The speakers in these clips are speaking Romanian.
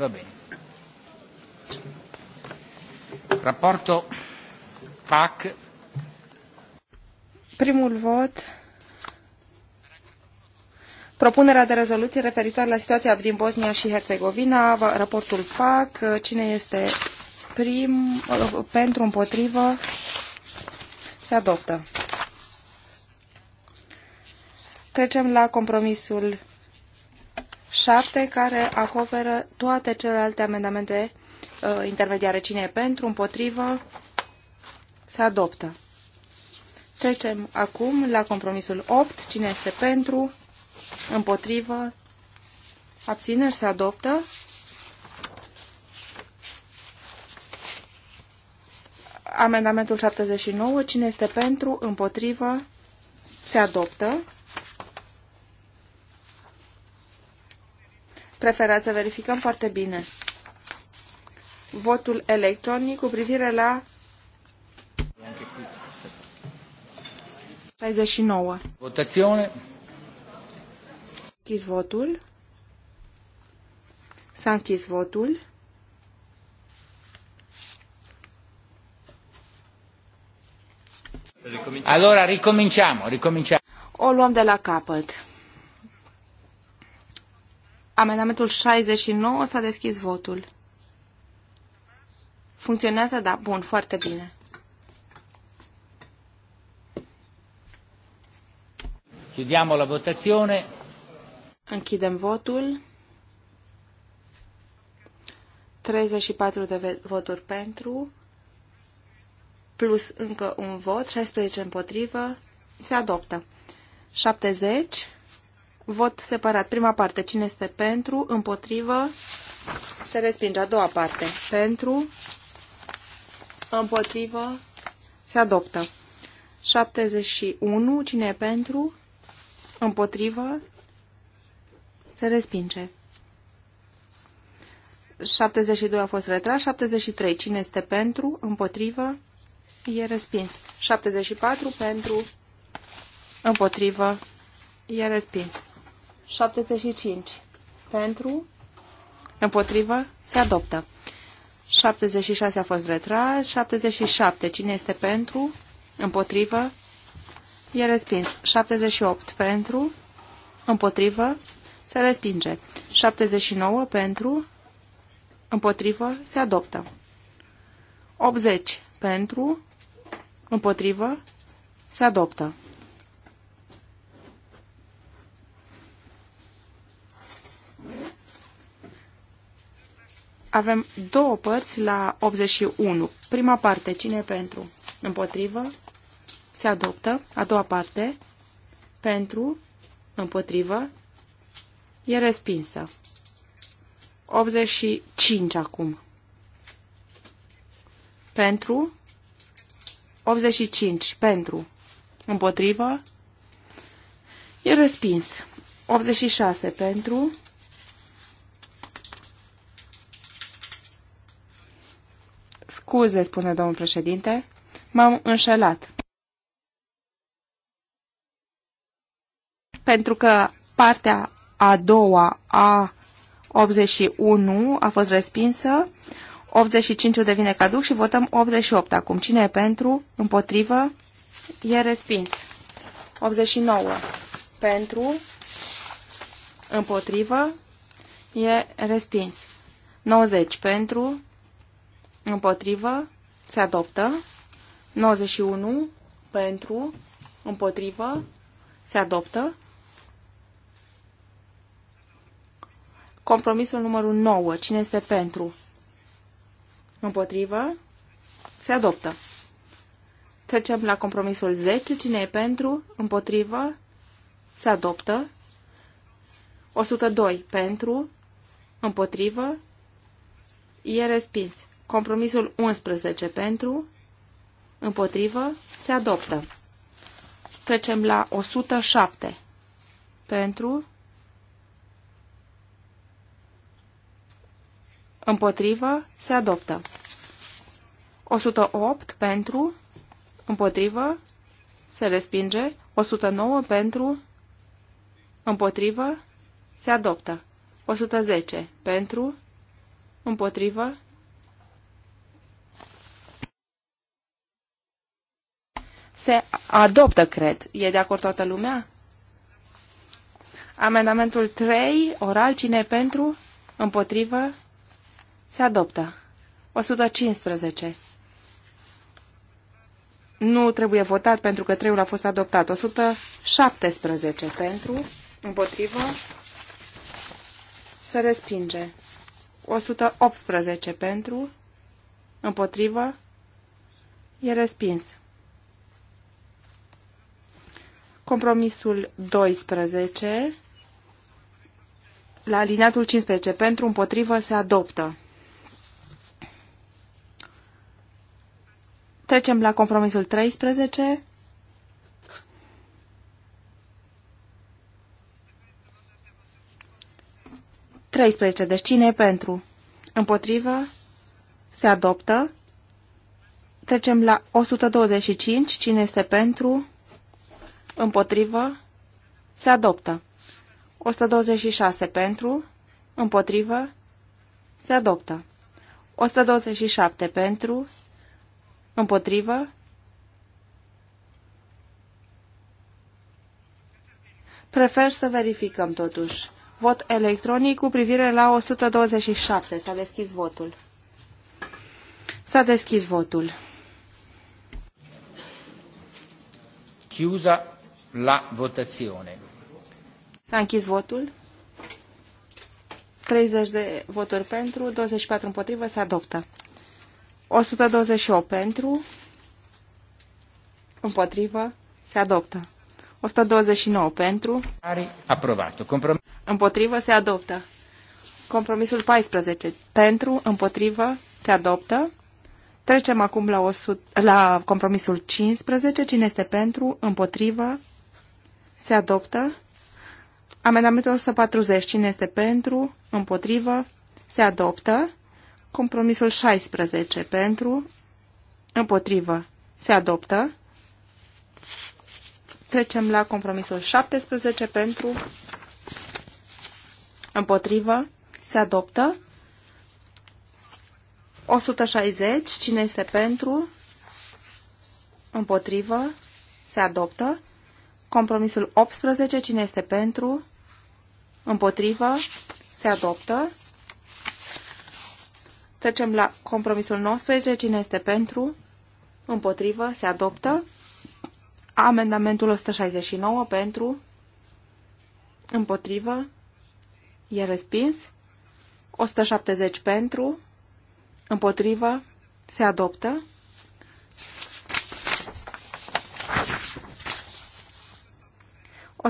Va bene. Raportul PAC. Primul vot. Propunerea de rezoluție referitoare la situația din Bosnia și Herțegovina, raportul PAC, cine este prim, uh, pentru, împotrivă, se adoptă. Trecem la compromisul 7 care acoperă toate celelalte amendamente uh, intermediare. Cine e pentru, împotrivă, se adoptă. Trecem acum la compromisul 8. Cine este pentru, împotrivă, abțineri, se adoptă. Amendamentul 79. Cine este pentru, împotrivă, se adoptă. Preferați să verificăm foarte bine. Votul electronic cu privire la 39. Votațiune. Închis votul. S-a închis votul. Allora ricominciamo, ricominciamo. O luăm de la capăt. Amendamentul 69 s-a deschis votul. Funcționează? Da, bun, foarte bine. Chiudiamo la votazione. Închidem votul. 34 de voturi pentru, plus încă un vot, 16 împotrivă, se adoptă. 70 Vot separat. Prima parte. Cine este pentru? Împotrivă? Se respinge. A doua parte. Pentru? Împotrivă? Se adoptă. 71. Cine e pentru? Împotrivă? Se respinge. 72 a fost retras. 73. Cine este pentru? Împotrivă? E respins. 74 pentru? Împotrivă? E respins. 75. Pentru. Împotrivă. Se adoptă. 76 a fost retras. 77. Cine este pentru? Împotrivă. E respins. 78 pentru. Împotrivă. Se respinge. 79 pentru. Împotrivă. Se adoptă. 80 pentru. Împotrivă. Se adoptă. Avem două părți la 81. Prima parte, cine e pentru? Împotrivă? Se adoptă. A doua parte, pentru? Împotrivă? E respinsă. 85 acum. Pentru? 85. Pentru. Împotrivă? E respins. 86 pentru, scuze, spune domnul președinte, m-am înșelat. Pentru că partea a doua a 81 a fost respinsă, 85 devine caduc și votăm 88 acum. Cine e pentru? Împotrivă? E respins. 89 pentru, împotrivă, e respins. 90 pentru, împotrivă, se adoptă. 91 pentru, împotrivă, se adoptă. Compromisul numărul 9. Cine este pentru? Împotrivă? Se adoptă. Trecem la compromisul 10. Cine e pentru? Împotrivă? Se adoptă. 102. Pentru? Împotrivă? E respins. Compromisul 11 pentru, împotrivă, se adoptă. Trecem la 107 pentru, împotrivă, se adoptă. 108 pentru, împotrivă, se respinge. 109 pentru, împotrivă, se adoptă. 110 pentru, împotrivă, se adoptă. se adoptă, cred. E de acord toată lumea? Amendamentul 3, oral, cine e pentru? Împotrivă? Se adoptă. 115. Nu trebuie votat pentru că 3 a fost adoptat. 117 pentru, împotrivă, se respinge. 118 pentru, împotrivă, e respins. Compromisul 12 la alineatul 15 pentru împotrivă se adoptă. Trecem la compromisul 13. Treisprezece. Deci cine e pentru? Împotrivă? Se adoptă. Trecem la 125. Cine este pentru? Împotrivă. Se adoptă. 126 pentru. Împotrivă. Se adoptă. 127 pentru. Împotrivă. Prefer să verificăm totuși. Vot electronic cu privire la 127. S-a deschis votul. S-a deschis votul. Chiuza la votazione. S-a închis votul. 30 de voturi pentru, 24 împotrivă, se adoptă. 128 pentru, împotrivă, se adoptă. 129 pentru. Aprobat. Comprom- împotrivă, se adoptă. Compromisul 14 pentru, împotrivă, se adoptă. Trecem acum la, 100, la compromisul 15. Cine este pentru, împotrivă, se adoptă. Amendamentul 140. Cine este pentru? Împotrivă? Se adoptă. Compromisul 16. Pentru? Împotrivă? Se adoptă. Trecem la compromisul 17. Pentru? Împotrivă? Se adoptă. 160. Cine este pentru? Împotrivă? Se adoptă. Compromisul 18, cine este pentru? Împotrivă? Se adoptă. Trecem la compromisul 19, cine este pentru? Împotrivă? Se adoptă. Amendamentul 169 pentru? Împotrivă? E respins. 170 pentru? Împotrivă? Se adoptă.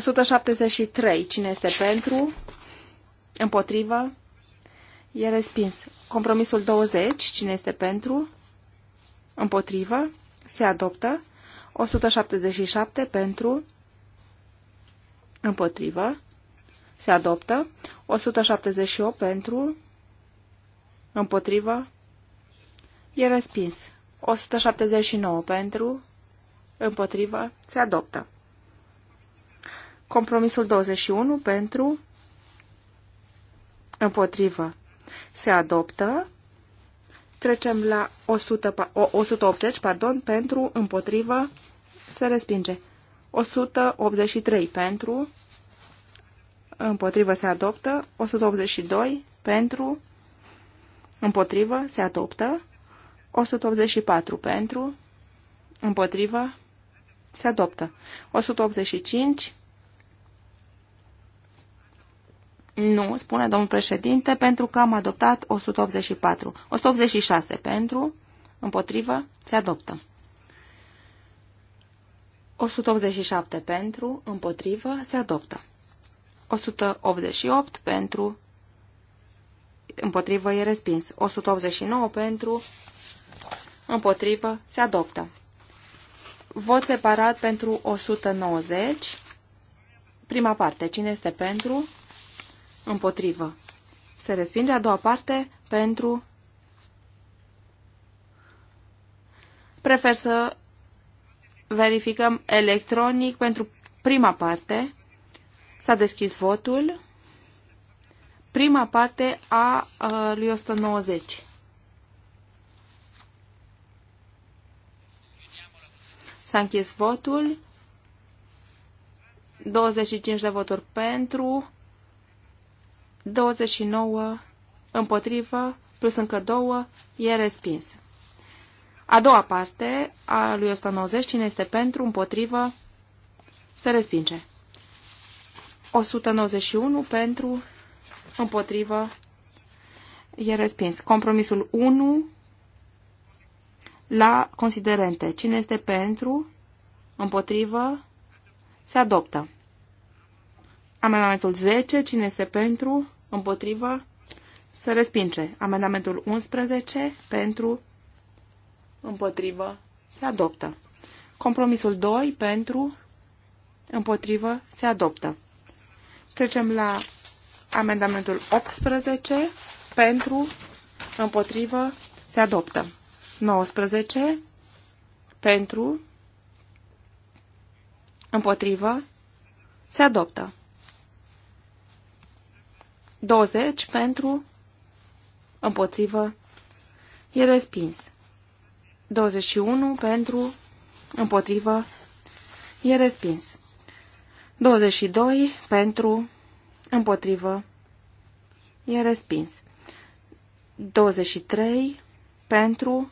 173. Cine este pentru? Împotrivă? E respins. Compromisul 20. Cine este pentru? Împotrivă? Se adoptă. 177 pentru? Împotrivă? Se adoptă. 178 pentru? Împotrivă? E respins. 179 pentru? Împotrivă? Se adoptă. Compromisul 21 pentru împotrivă se adoptă. Trecem la 100, 180 pardon, pentru împotrivă se respinge. 183 pentru împotrivă se adoptă. 182 pentru împotrivă se adoptă. 184 pentru împotrivă se adoptă. 185 Nu, spune domnul președinte, pentru că am adoptat 184. 186 pentru, împotrivă, se adoptă. 187 pentru, împotrivă, se adoptă. 188 pentru, împotrivă, e respins. 189 pentru, împotrivă, se adoptă. Vot separat pentru 190. Prima parte, cine este pentru? Pentru împotrivă. Se respinge a doua parte pentru... Prefer să verificăm electronic pentru prima parte. S-a deschis votul. Prima parte a, lui 190. S-a închis votul. 25 de voturi pentru, 29 împotrivă, plus încă 2, e respins. A doua parte a lui 190, cine este pentru, împotrivă, se respinge. 191 pentru, împotrivă, e respins. Compromisul 1 la considerente. Cine este pentru, împotrivă, se adoptă. Amendamentul 10, cine este pentru, împotrivă, se respinge. Amendamentul 11 pentru, împotrivă, se adoptă. Compromisul 2 pentru, împotrivă, se adoptă. Trecem la amendamentul 18 pentru, împotrivă, se adoptă. 19 pentru, împotrivă, se adoptă. 20 pentru, împotrivă, e respins. 21 pentru, împotrivă, e respins. 22 pentru, împotrivă, e respins. 23 pentru,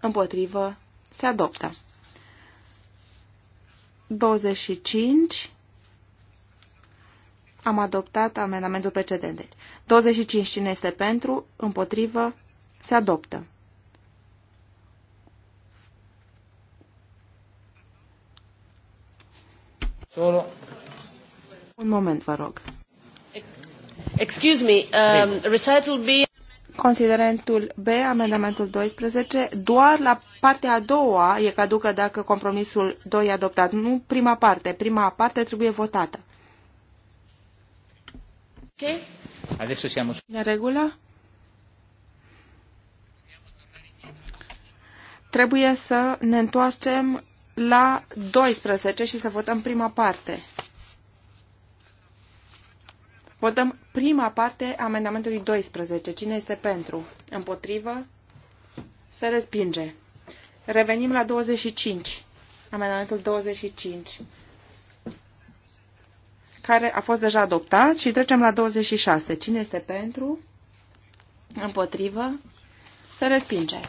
împotrivă, se adoptă. 25 am adoptat amendamentul precedent. 25. Cine este pentru? Împotrivă? Se adoptă. Solo. Un moment, vă rog. Excuse me, um, recital B... Considerentul B, amendamentul 12, doar la partea a doua e caducă dacă compromisul 2 e adoptat, nu prima parte. Prima parte trebuie votată. Che? Adesso siamo su... La regola? Trebuie să ne întoarcem la 12 și să votăm prima parte. Votăm prima parte a amendamentului 12. Cine este pentru? Împotrivă? Se respinge. Revenim la 25. Amendamentul 25 care a fost deja adoptat și trecem la 26. Cine este pentru? Împotrivă? Se respinge.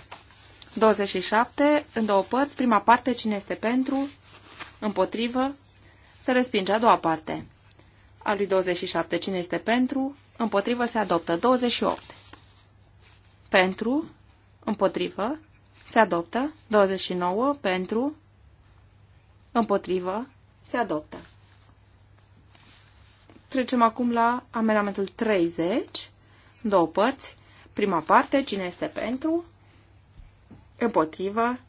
27. În două părți. Prima parte. Cine este pentru? Împotrivă? Se respinge. A doua parte. A lui 27. Cine este pentru? Împotrivă se adoptă. 28. Pentru? Împotrivă? Se adoptă. 29. Pentru? Împotrivă? Se adoptă. Trecem acum la amendamentul 30, două părți. Prima parte, cine este pentru, împotrivă.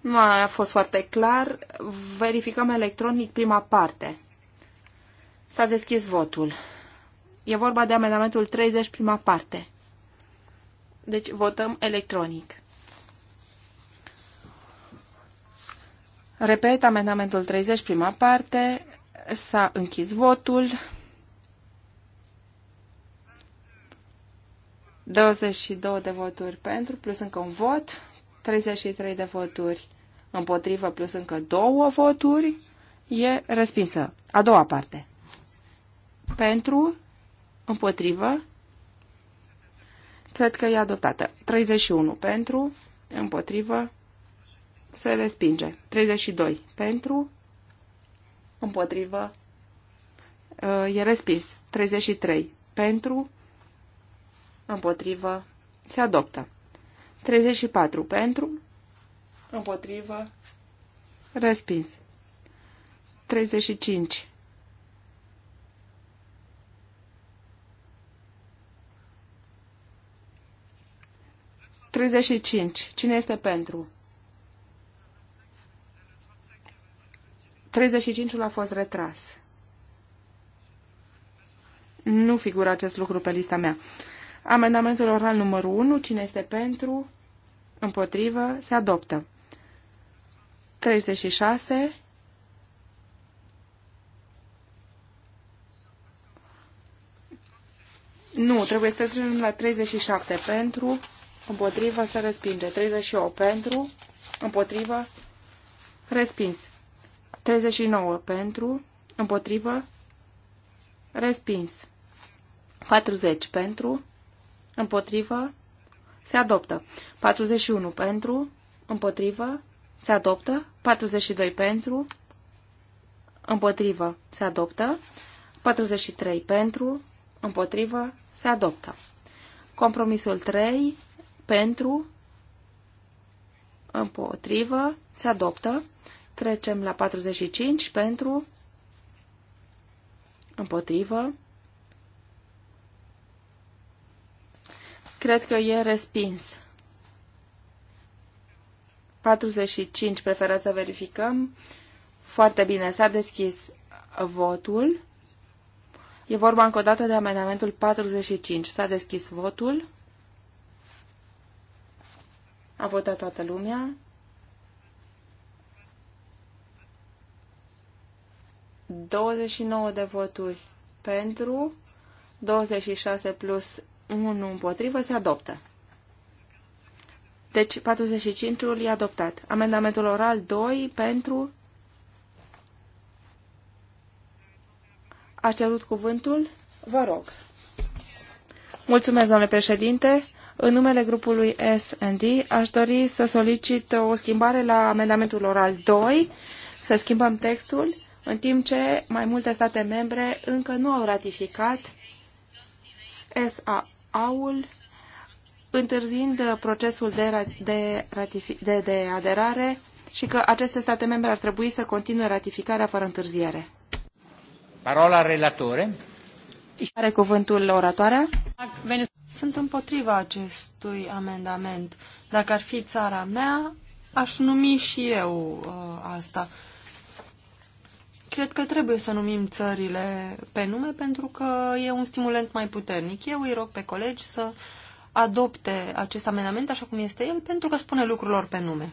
Nu a fost foarte clar. Verificăm electronic prima parte. S-a deschis votul. E vorba de amendamentul 30, prima parte. Deci votăm electronic. Repet, amendamentul 30, prima parte, s-a închis votul. 22 de voturi pentru, plus încă un vot, 33 de voturi împotrivă, plus încă două voturi, e respinsă. A doua parte. Pentru, împotrivă, cred că e adoptată. 31 pentru, împotrivă, se respinge. 32 pentru, împotrivă, uh, e respins. 33 pentru, împotrivă, se adoptă. 34 pentru, împotrivă, respins. 35 35. Cine este pentru? 35-ul a fost retras. Nu figură acest lucru pe lista mea. Amendamentul oral numărul 1, cine este pentru, împotrivă, se adoptă. 36. Nu, trebuie să trecem la 37 pentru, împotrivă, se respinge. 38 pentru, împotrivă, respins. 39 pentru, împotrivă, respins. 40 pentru, împotrivă, se adoptă. 41 pentru, împotrivă, se adoptă. 42 pentru, împotrivă, se adoptă. 43 pentru, împotrivă, se adoptă. Compromisul 3 pentru, împotrivă, se adoptă. Trecem la 45 pentru, împotrivă. Cred că e respins. 45 preferați să verificăm. Foarte bine, s-a deschis votul. E vorba încă o dată de amendamentul 45. S-a deschis votul. A votat toată lumea. 29 de voturi pentru, 26 plus 1 împotrivă, se adoptă. Deci 45-ul e adoptat. Amendamentul oral 2 pentru... A cerut cuvântul? Vă rog. Mulțumesc, domnule președinte. În numele grupului S&D aș dori să solicit o schimbare la amendamentul oral 2, să schimbăm textul în timp ce mai multe state membre încă nu au ratificat SAA-ul, întârzind procesul de, de, de, de aderare și că aceste state membre ar trebui să continue ratificarea fără întârziere. Parola relatore. Are cuvântul oratoarea? Sunt împotriva acestui amendament. Dacă ar fi țara mea, aș numi și eu uh, asta. Cred că trebuie să numim țările pe nume pentru că e un stimulent mai puternic. Eu îi rog pe colegi să adopte acest amendament așa cum este el pentru că spune lucrurilor pe nume.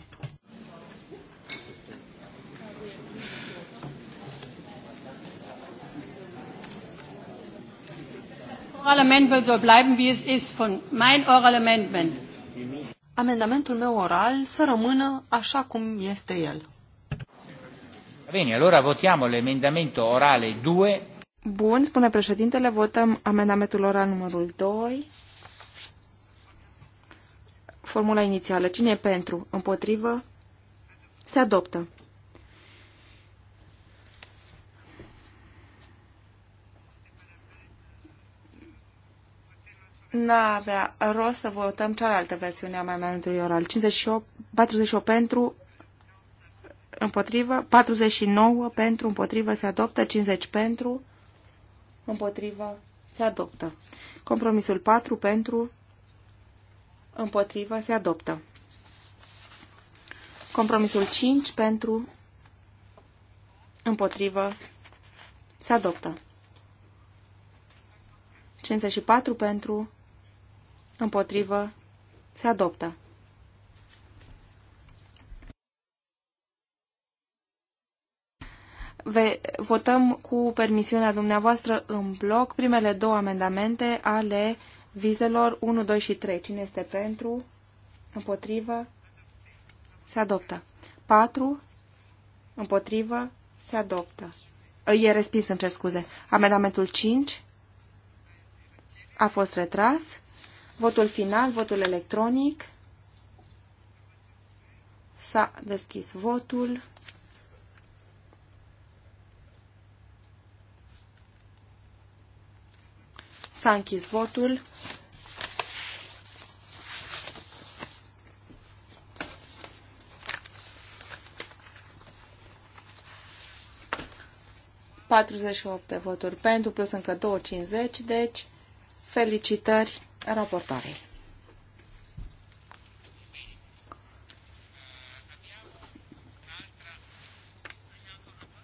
Oral Amendment soll bleiben, wie es ist, von mein Oral Amendment. Amendamentul meu oral să rămână așa cum este el. Bine, allora votiamo l'emendamento orale 2. Bun, spune președintele, votăm amendamentul oral numărul 2. Formula inițială. Cine e pentru? Împotrivă? Se adoptă. Nu avea rost să votăm cealaltă versiune a mai amendamentului oral. 58, 48 pentru, împotrivă, 49 pentru, împotrivă, se adoptă, 50 pentru, împotrivă, se adoptă. Compromisul 4 pentru, împotrivă, se adoptă. Compromisul 5 pentru, împotrivă, se adoptă. 54 pentru, împotrivă, se adoptă. ve- votăm cu permisiunea dumneavoastră în bloc primele două amendamente ale vizelor 1, 2 și 3. Cine este pentru? Împotrivă? Se adoptă. 4. Împotrivă? Se adoptă. E respins, îmi cer scuze. Amendamentul 5 a fost retras. Votul final, votul electronic. S-a deschis votul. S-a închis votul. Patruzeci de voturi pentru, plus încă 250, deci felicitări raportoarei.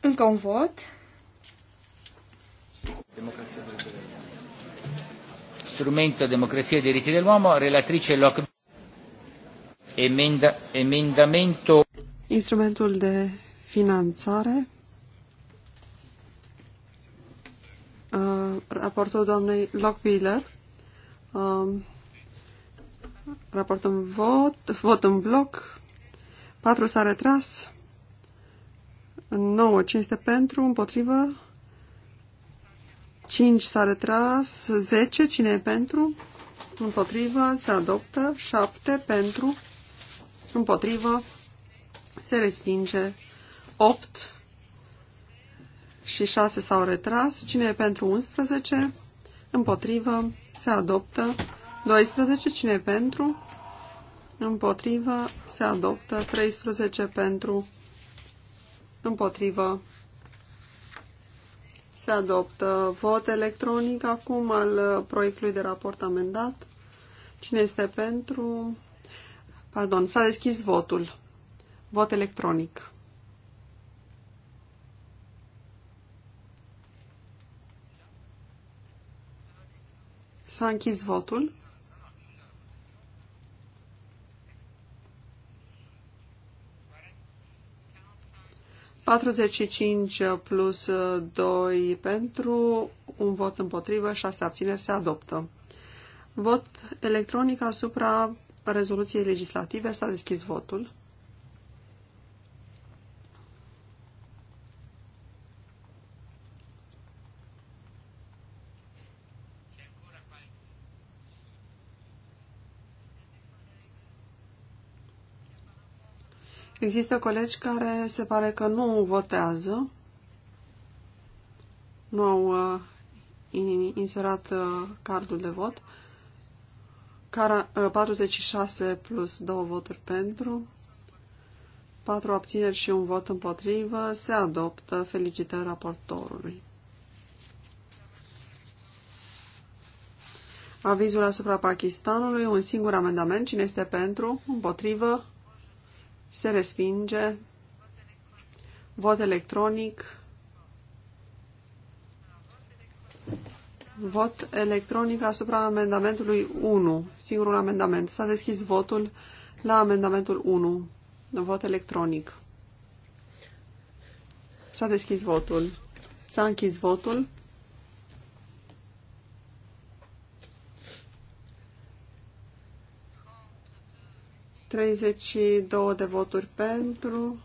Încă un vot. Democrația strumento democrazia e diritti dell'uomo, relatrice Locke, emenda, emendamento... Instrumentul de finanțare, uh, raportul doamnei Lockbiller, uh, um, raport în vot, vot în bloc, 4 s-a retras, 9, 5 pentru, împotrivă, 5 s-a retras, 10 cine e pentru, împotrivă, se adoptă, 7 pentru, împotrivă, se respinge, 8 și 6 s-au retras, cine e pentru 11, împotrivă, se adoptă, 12 cine e pentru, împotrivă, se adoptă, 13 pentru, împotrivă, se adoptă vot electronic acum al proiectului de raport amendat. Cine este pentru? Pardon, s-a deschis votul. Vot electronic. S-a închis votul. 45 plus 2 uh, pentru, un vot împotrivă, 6 abțineri se adoptă. Vot electronic asupra rezoluției legislative. S-a deschis votul. Există colegi care se pare că nu votează, nu au uh, inserat uh, cardul de vot. Car uh, 46 plus 2 voturi pentru, 4 abțineri și un vot împotrivă, se adoptă. Felicitări raportorului. Avizul asupra Pakistanului, un singur amendament, cine este pentru, împotrivă, se respinge, vot electronic, vot electronic asupra amendamentului 1, singurul amendament. S-a deschis votul la amendamentul 1, vot electronic. S-a deschis votul. S-a închis votul. 32 de voturi pentru.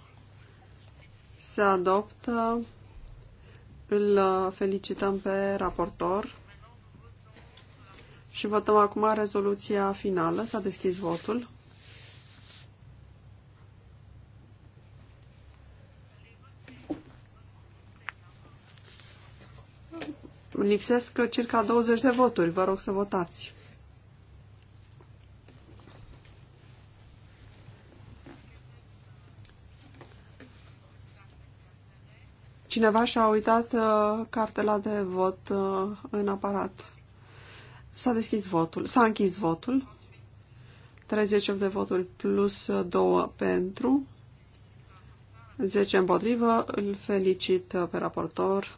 Se adoptă. Îl uh, felicităm pe raportor. Și votăm acum rezoluția finală. S-a deschis votul. Lipsesc circa 20 de voturi. Vă rog să votați. Cineva și-a uitat uh, cartela de vot uh, în aparat. S-a deschis votul. S-a închis votul. 38 de voturi plus 2 uh, pentru. 10 împotrivă. Îl felicit uh, pe raportor.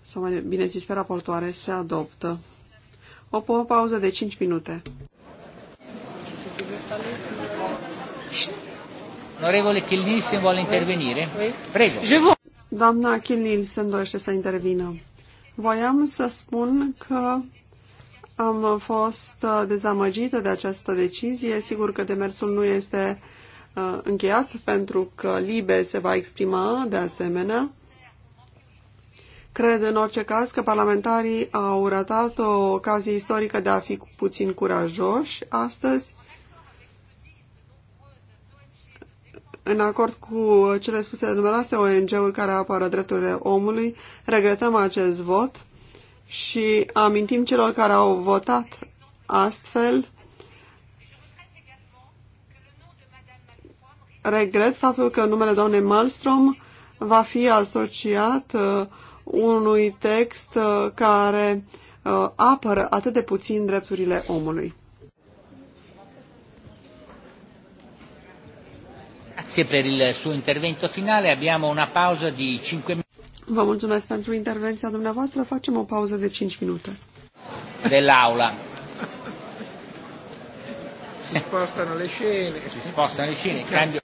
Sau mai bine zis pe raportoare. Se adoptă. O pauză de 5 minute. Onorevole Chilnisen vuole intervenire? Prego. Doamna Chilil se dorește să intervină. Voiam să spun că am fost uh, dezamăgită de această decizie. Sigur că demersul nu este uh, încheiat pentru că Libe se va exprima de asemenea. Cred în orice caz că parlamentarii au ratat o ocazie istorică de a fi puțin curajoși astăzi în acord cu cele spuse de numeroase ONG-uri care apără drepturile omului, regretăm acest vot și amintim celor care au votat astfel. Regret faptul că numele doamnei Malmström va fi asociat uh, unui text uh, care uh, apără atât de puțin drepturile omului. Grazie per il suo intervento finale. Abbiamo una pausa di 5 minuti. Vă mulțumesc pentru intervenția dumneavoastră. Facem o pauză de 5 minute. Dell'aula. Si spostano le scene. Si spostano le scene. Cambio.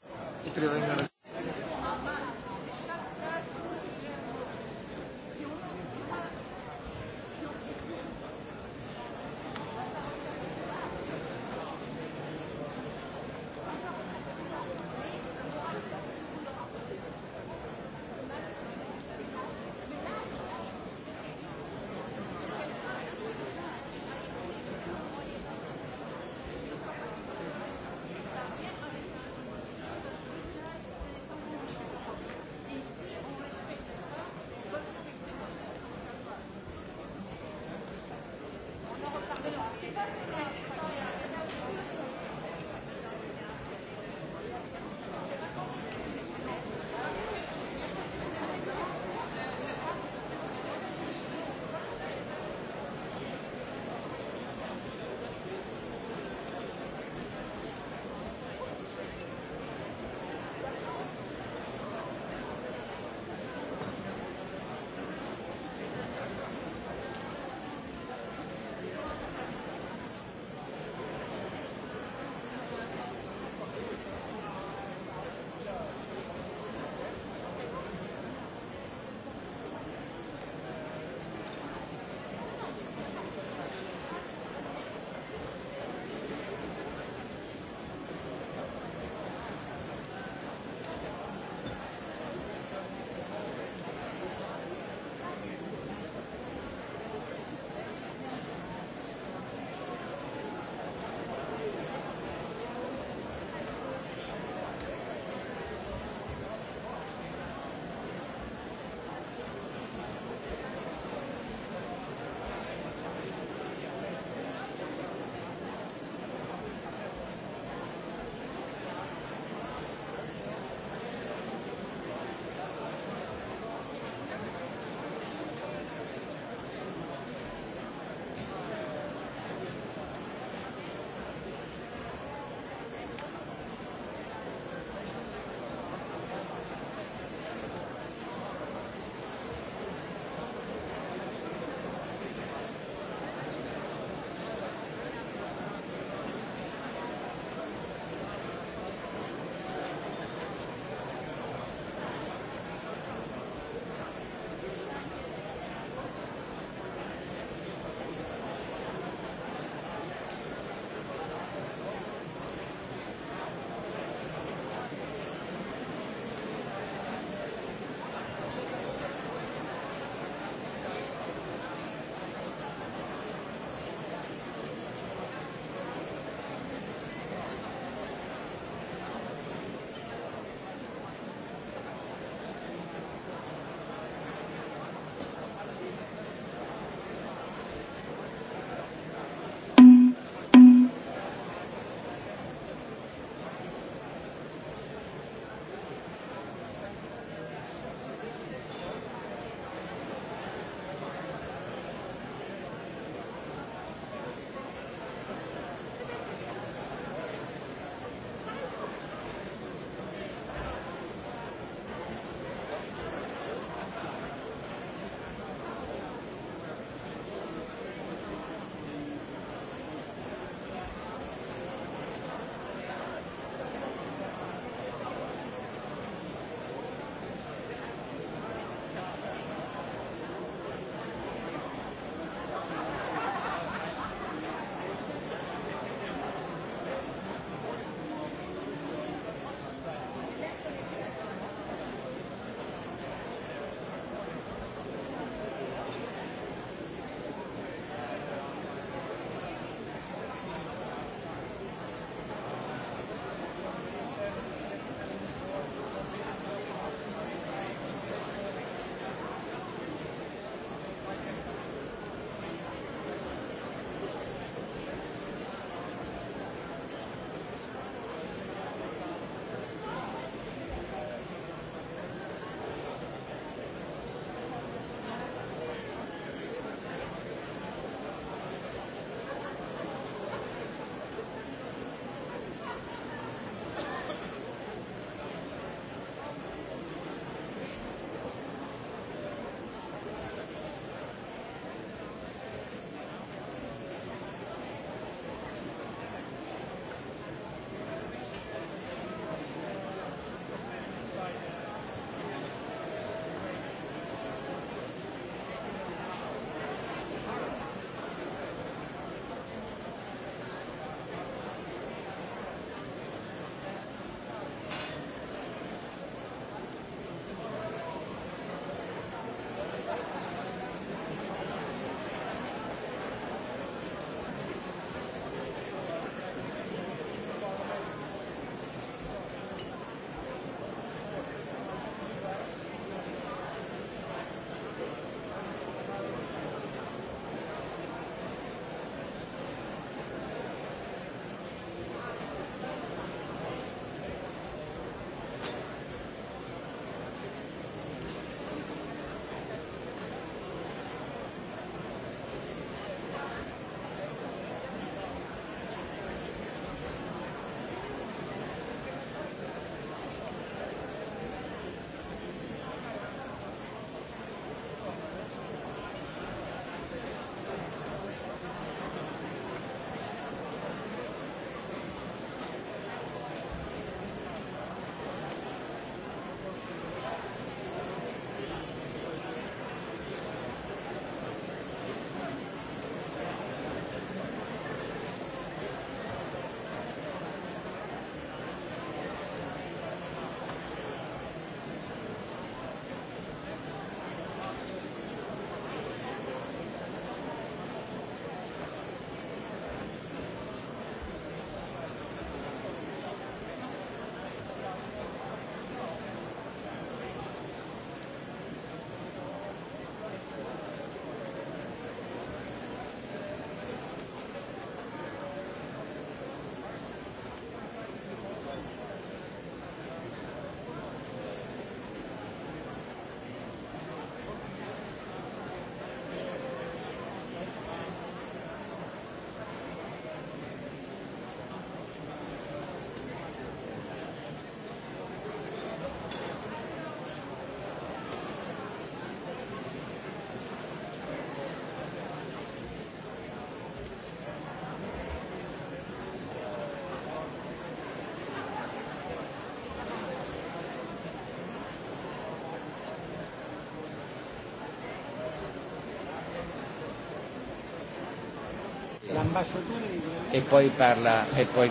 e poi parla e poi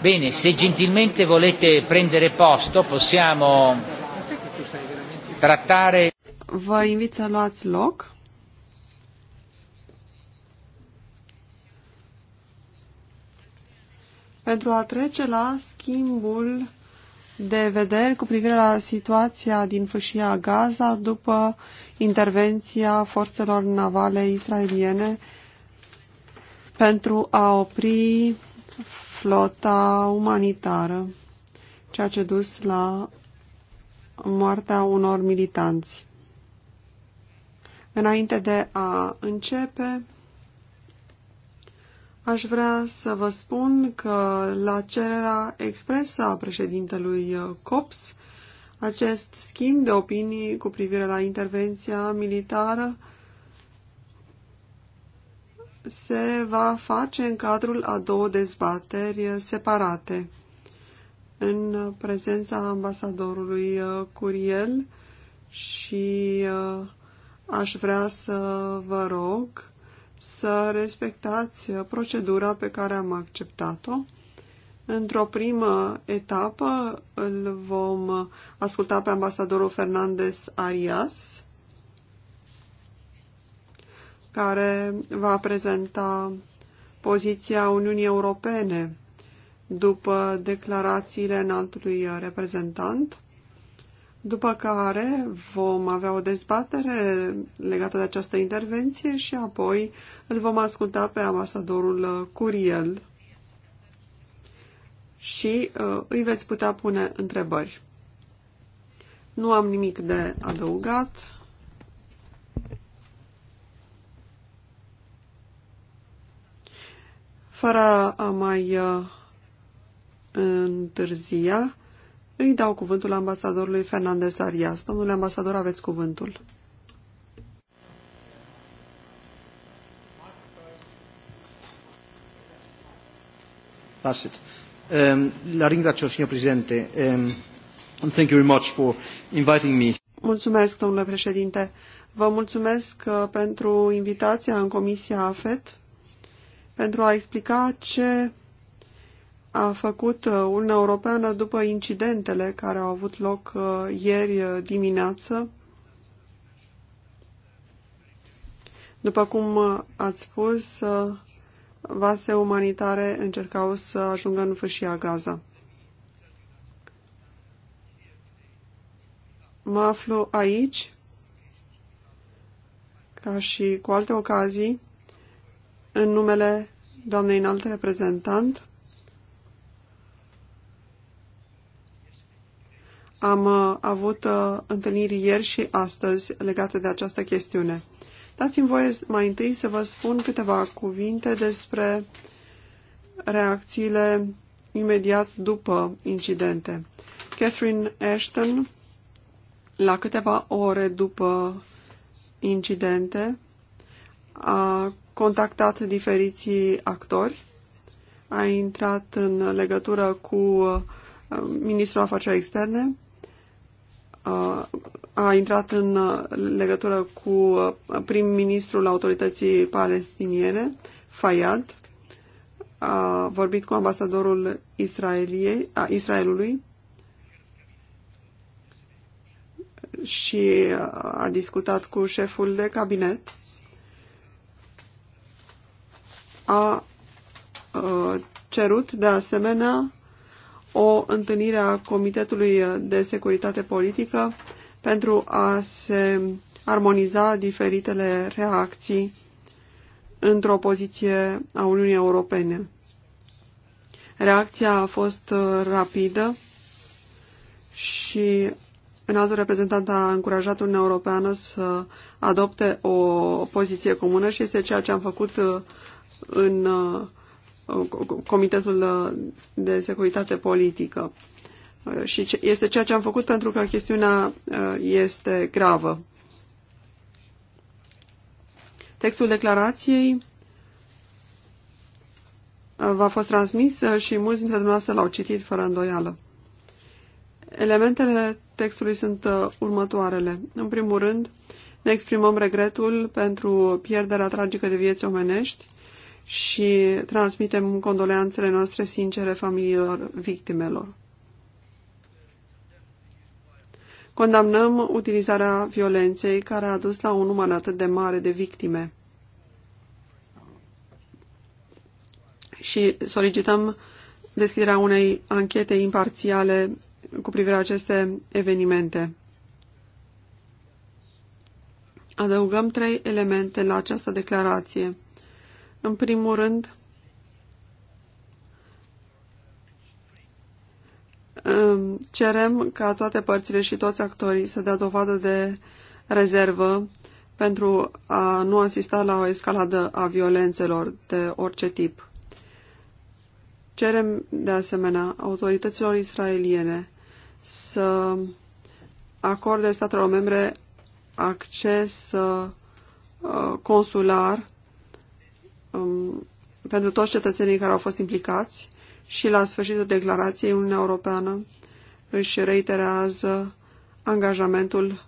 Bene, se gentilmente volete prendere posto, possiamo trattare Vă invit să luați loc. Pentru a trece la schimbul de vederi cu privire la situația din fâșia Gaza după intervenția forțelor navale israeliene pentru a opri flota umanitară, ceea ce dus la moartea unor militanți. Înainte de a începe, Aș vrea să vă spun că la cererea expresă a președintelui uh, COPS, acest schimb de opinii cu privire la intervenția militară se va face în cadrul a două dezbateri uh, separate. În prezența ambasadorului uh, Curiel și aș vrea să vă rog să respectați procedura pe care am acceptat-o. Într-o primă etapă îl vom asculta pe ambasadorul Fernandez Arias, care va prezenta poziția Uniunii Europene după declarațiile înaltului reprezentant după care vom avea o dezbatere legată de această intervenție și apoi îl vom asculta pe ambasadorul uh, Curiel și uh, îi veți putea pune întrebări. Nu am nimic de adăugat. Fără a mai uh, întârzia, îi dau cuvântul ambasadorului Fernandez Arias. Domnule ambasador, aveți cuvântul. That's it. Um, la ringrazio, signor Presidente. Um, and thank you very much for inviting me. Mulțumesc, domnule președinte. Vă mulțumesc uh, pentru invitația în Comisia AFET pentru a explica ce a făcut uh, Uniunea Europeană după incidentele care au avut loc uh, ieri uh, dimineață. După cum ați spus, vase umanitare încercau să ajungă în fâșia Gaza. Mă aflu aici, ca și cu alte ocazii, în numele doamnei înalt reprezentant, Am uh, avut uh, întâlniri ieri și astăzi legate de această chestiune. Dați-mi voie mai întâi să vă spun câteva cuvinte despre reacțiile imediat după incidente. Catherine Ashton, la câteva ore după incidente, a contactat diferiți actori, a intrat în legătură cu uh, ministrul afacerilor externe, a intrat în uh, legătură cu uh, prim-ministrul autorității palestiniene, Fayad, a vorbit cu ambasadorul Israeliei, a Israelului și a discutat cu șeful de cabinet. A uh, cerut de asemenea o întâlnire a Comitetului de Securitate Politică pentru a se armoniza diferitele reacții într-o poziție a Uniunii Europene. Reacția a fost uh, rapidă și altul reprezentant a încurajat Uniunea Europeană să adopte o poziție comună și este ceea ce am făcut uh, în uh, Comitetul uh, de Securitate Politică. Uh, și este ceea ce am făcut pentru că chestiunea uh, este gravă. Textul declarației v-a fost transmis și mulți dintre dumneavoastră l-au citit fără îndoială. Elementele textului sunt următoarele. În primul rând, ne exprimăm regretul pentru pierderea tragică de vieți omenești și transmitem condoleanțele noastre sincere familiilor victimelor. Condamnăm utilizarea violenței care a dus la un număr atât de mare de victime. Și solicităm deschiderea unei anchete imparțiale cu privire aceste evenimente. Adăugăm trei elemente la această declarație. În primul rând, cerem ca toate părțile și toți actorii să dea dovadă de rezervă pentru a nu asista la o escaladă a violențelor de orice tip. Cerem, de asemenea, autorităților israeliene să acorde statelor membre acces uh, consular um, pentru toți cetățenii care au fost implicați și la sfârșitul declarației Uniunea Europeană își reiterează angajamentul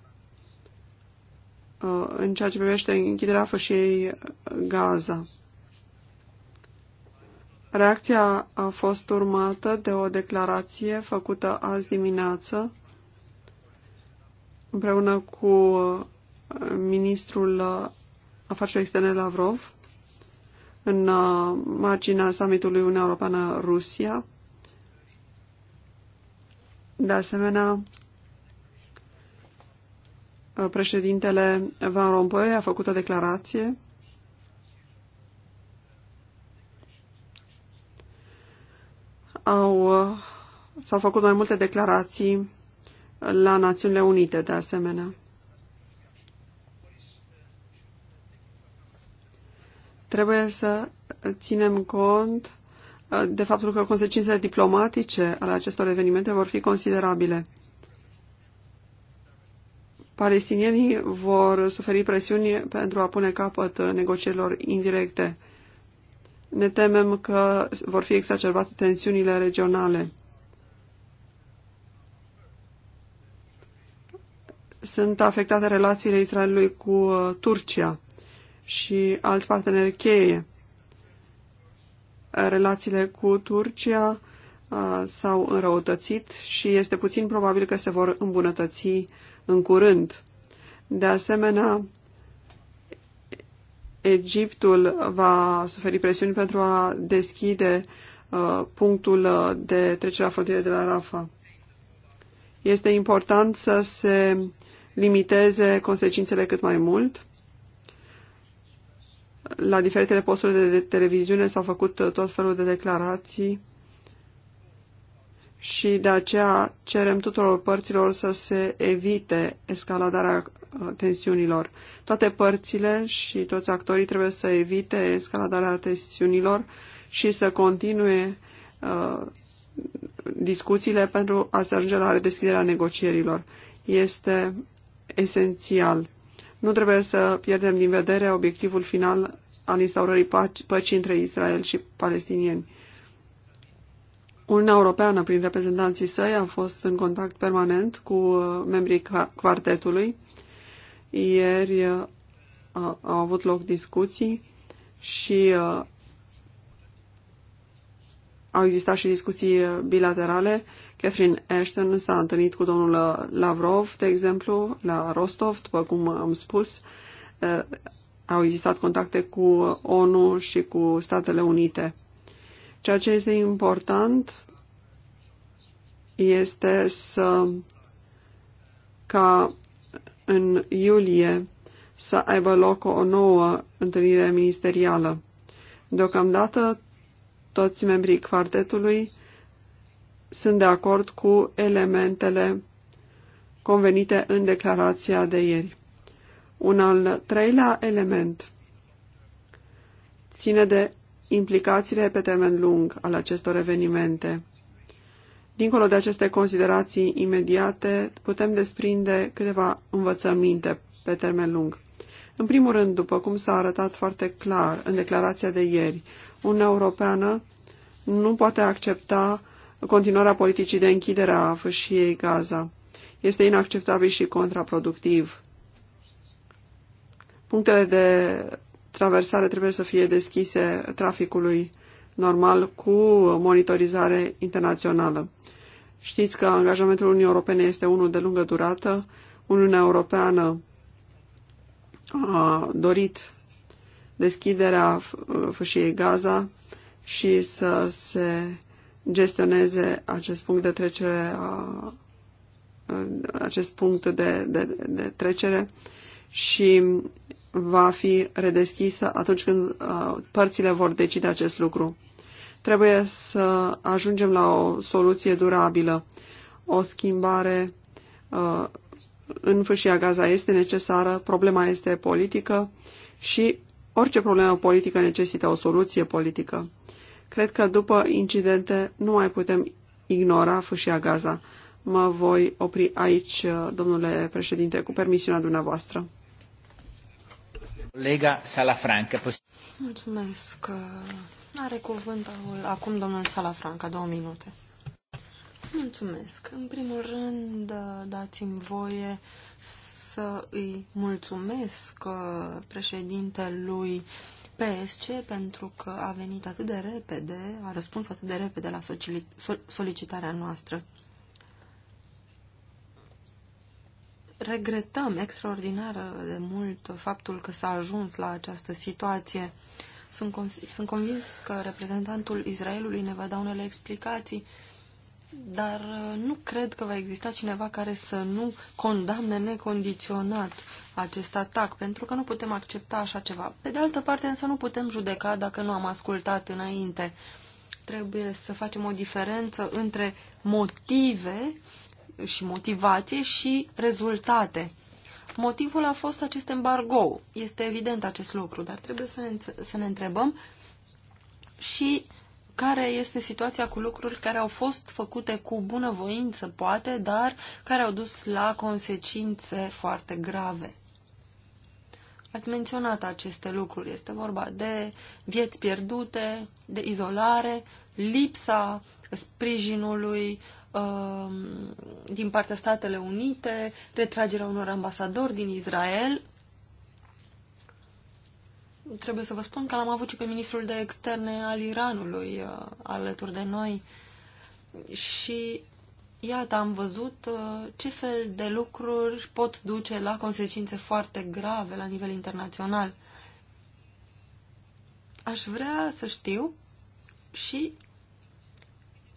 uh, în ceea ce privește închiderea fășiei Gaza. Reacția a fost urmată de o declarație făcută azi dimineață împreună cu uh, ministrul uh, afacerilor externe Lavrov în uh, marginea summitului Uniunea Europeană-Rusia. De asemenea, uh, președintele Van Rompuy a făcut o declarație au, uh, s-au făcut mai multe declarații la Națiunile Unite, de asemenea. Trebuie să ținem cont uh, de faptul că consecințele diplomatice ale acestor evenimente vor fi considerabile. Palestinienii vor suferi presiuni pentru a pune capăt uh, negocierilor indirecte. Ne temem că vor fi exacerbate tensiunile regionale. Sunt afectate relațiile Israelului cu uh, Turcia și alți parteneri cheie. Relațiile cu Turcia s-au înrăutățit și este puțin probabil că se vor îmbunătăți în curând. De asemenea, Egiptul va suferi presiuni pentru a deschide punctul de trecere a frontierei de la Rafa. Este important să se limiteze consecințele cât mai mult la diferitele posturi de televiziune s-au făcut uh, tot felul de declarații și de aceea cerem tuturor părților să se evite escaladarea uh, tensiunilor. Toate părțile și toți actorii trebuie să evite escaladarea tensiunilor și să continue uh, discuțiile pentru a se ajunge la redeschiderea negocierilor. Este esențial. Nu trebuie să pierdem din vedere obiectivul final al instaurării păcii între Israel și palestinieni. Uniunea Europeană, prin reprezentanții săi, a fost în contact permanent cu uh, membrii quartetului. Ieri uh, au avut loc discuții și uh, au existat și discuții bilaterale. Catherine Ashton s-a întâlnit cu domnul Lavrov, de exemplu, la Rostov, după cum am spus au existat contacte cu ONU și cu Statele Unite. Ceea ce este important este să ca în iulie să aibă loc o nouă întâlnire ministerială. Deocamdată, toți membrii quartetului sunt de acord cu elementele convenite în declarația de ieri. Un al treilea element ține de implicațiile pe termen lung al acestor evenimente. Dincolo de aceste considerații imediate, putem desprinde câteva învățăminte pe termen lung. În primul rând, după cum s-a arătat foarte clar în declarația de ieri, Uniunea Europeană nu poate accepta continuarea politicii de închidere a fâșiei Gaza. Este inacceptabil și contraproductiv. Punctele de traversare trebuie să fie deschise traficului normal cu monitorizare internațională. Știți că angajamentul Uniunii Europene este unul de lungă durată. Uniunea Europeană a dorit deschiderea fâșiei Gaza și să se gestioneze acest punct de trecere a, acest punct de, de, de trecere și va fi redeschisă atunci când uh, părțile vor decide acest lucru. Trebuie să ajungem la o soluție durabilă. O schimbare uh, în fâșia Gaza este necesară, problema este politică și orice problemă politică necesită o soluție politică. Cred că după incidente nu mai putem ignora fâșia Gaza. Mă voi opri aici, uh, domnule președinte, cu permisiunea dumneavoastră. Colega Salafranca. Mulțumesc. Are cuvântul acum domnul Salafranca, două minute. Mulțumesc. În primul rând, dați-mi voie să îi mulțumesc președintelui PSC pentru că a venit atât de repede, a răspuns atât de repede la solicitarea noastră. regretăm extraordinar de mult faptul că s-a ajuns la această situație. Sunt, sunt convins că reprezentantul Israelului ne va da unele explicații, dar uh, nu cred că va exista cineva care să nu condamne necondiționat acest atac, pentru că nu putem accepta așa ceva. Pe de altă parte, însă nu putem judeca dacă nu am ascultat înainte. Trebuie să facem o diferență între motive și motivație și rezultate. Motivul a fost acest embargo. Este evident acest lucru, dar trebuie să ne, să ne întrebăm și care este situația cu lucruri care au fost făcute cu bunăvoință, poate, dar care au dus la consecințe foarte grave. Ați menționat aceste lucruri. Este vorba de vieți pierdute, de izolare, lipsa sprijinului Um, din partea Statele Unite, retragerea unor ambasadori din Israel. Trebuie să vă spun că l-am avut și pe ministrul de externe al Iranului uh, alături de noi și iată, am văzut uh, ce fel de lucruri pot duce la consecințe foarte grave la nivel internațional. Aș vrea să știu și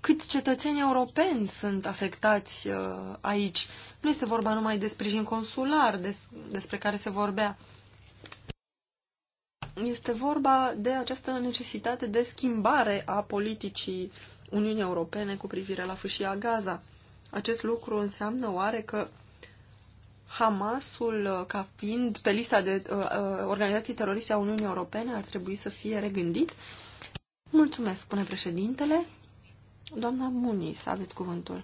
cât cetățeni europeni sunt afectați uh, aici. Nu este vorba numai de sprijin consular des, despre care se vorbea. Este vorba de această necesitate de schimbare a politicii Uniunii Europene cu privire la fâșia Gaza. Acest lucru înseamnă oare că Hamasul, uh, ca fiind pe lista de uh, uh, organizații teroriste a Uniunii Europene, ar trebui să fie regândit? Mulțumesc, spune președintele. Doamna să aveți cuvântul.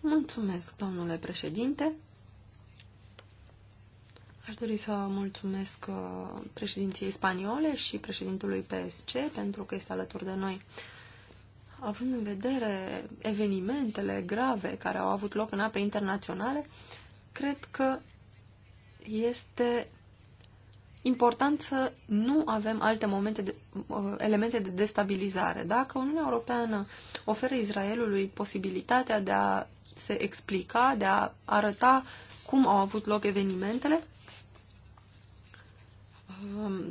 Mulțumesc, domnule președinte. Aș dori să mulțumesc uh, președinției spaniole și președintului PSC pentru că este alături de noi. Având în vedere evenimentele grave care au avut loc în ape internaționale, cred că este important să nu avem alte momente de, uh, elemente de destabilizare. Dacă Uniunea Europeană oferă Israelului posibilitatea de a se explica, de a arăta cum au avut loc evenimentele um,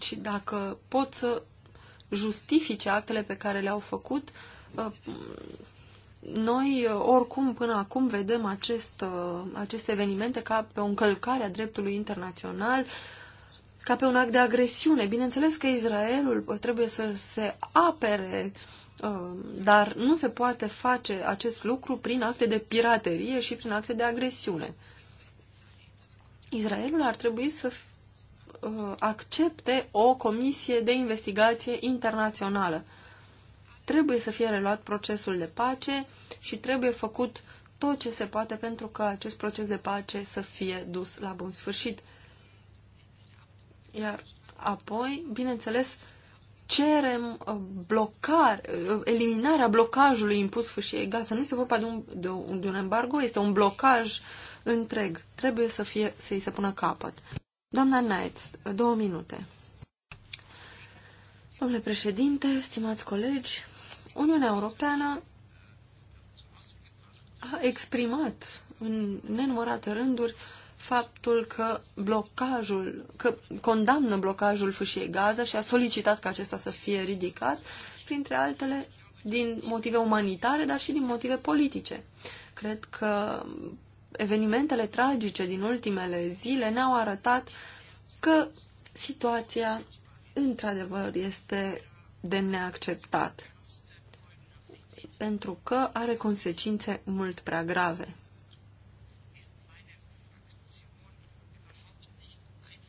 și dacă pot să justifice actele pe care le-au făcut, uh, noi uh, oricum până acum vedem acest, aceste evenimente ca pe o încălcare a dreptului internațional, ca pe un act de agresiune. Bineînțeles că Israelul trebuie să se apere, uh, dar nu se poate face acest lucru prin acte de piraterie și prin acte de agresiune. Israelul ar trebui să uh, accepte o comisie de investigație internațională. Trebuie să fie reluat procesul de pace și trebuie făcut tot ce se poate pentru ca acest proces de pace să fie dus la bun sfârșit. Iar apoi, bineînțeles, cerem uh, blocare, uh, eliminarea blocajului impus fâșiei Gaza. Nu este vorba de un, de, un, de un embargo, este un blocaj întreg. Trebuie să fie, să-i se pună capăt. Doamna Knight, două minute. Domnule președinte, stimați colegi, Uniunea Europeană a exprimat în nenumărate rânduri uh, faptul că blocajul, că condamnă blocajul fâșiei Gaza și a solicitat ca acesta să fie ridicat, printre altele din motive umanitare, dar și din motive politice. Cred că evenimentele tragice din ultimele zile ne-au arătat că situația într-adevăr este de neacceptat, pentru că are consecințe mult prea grave.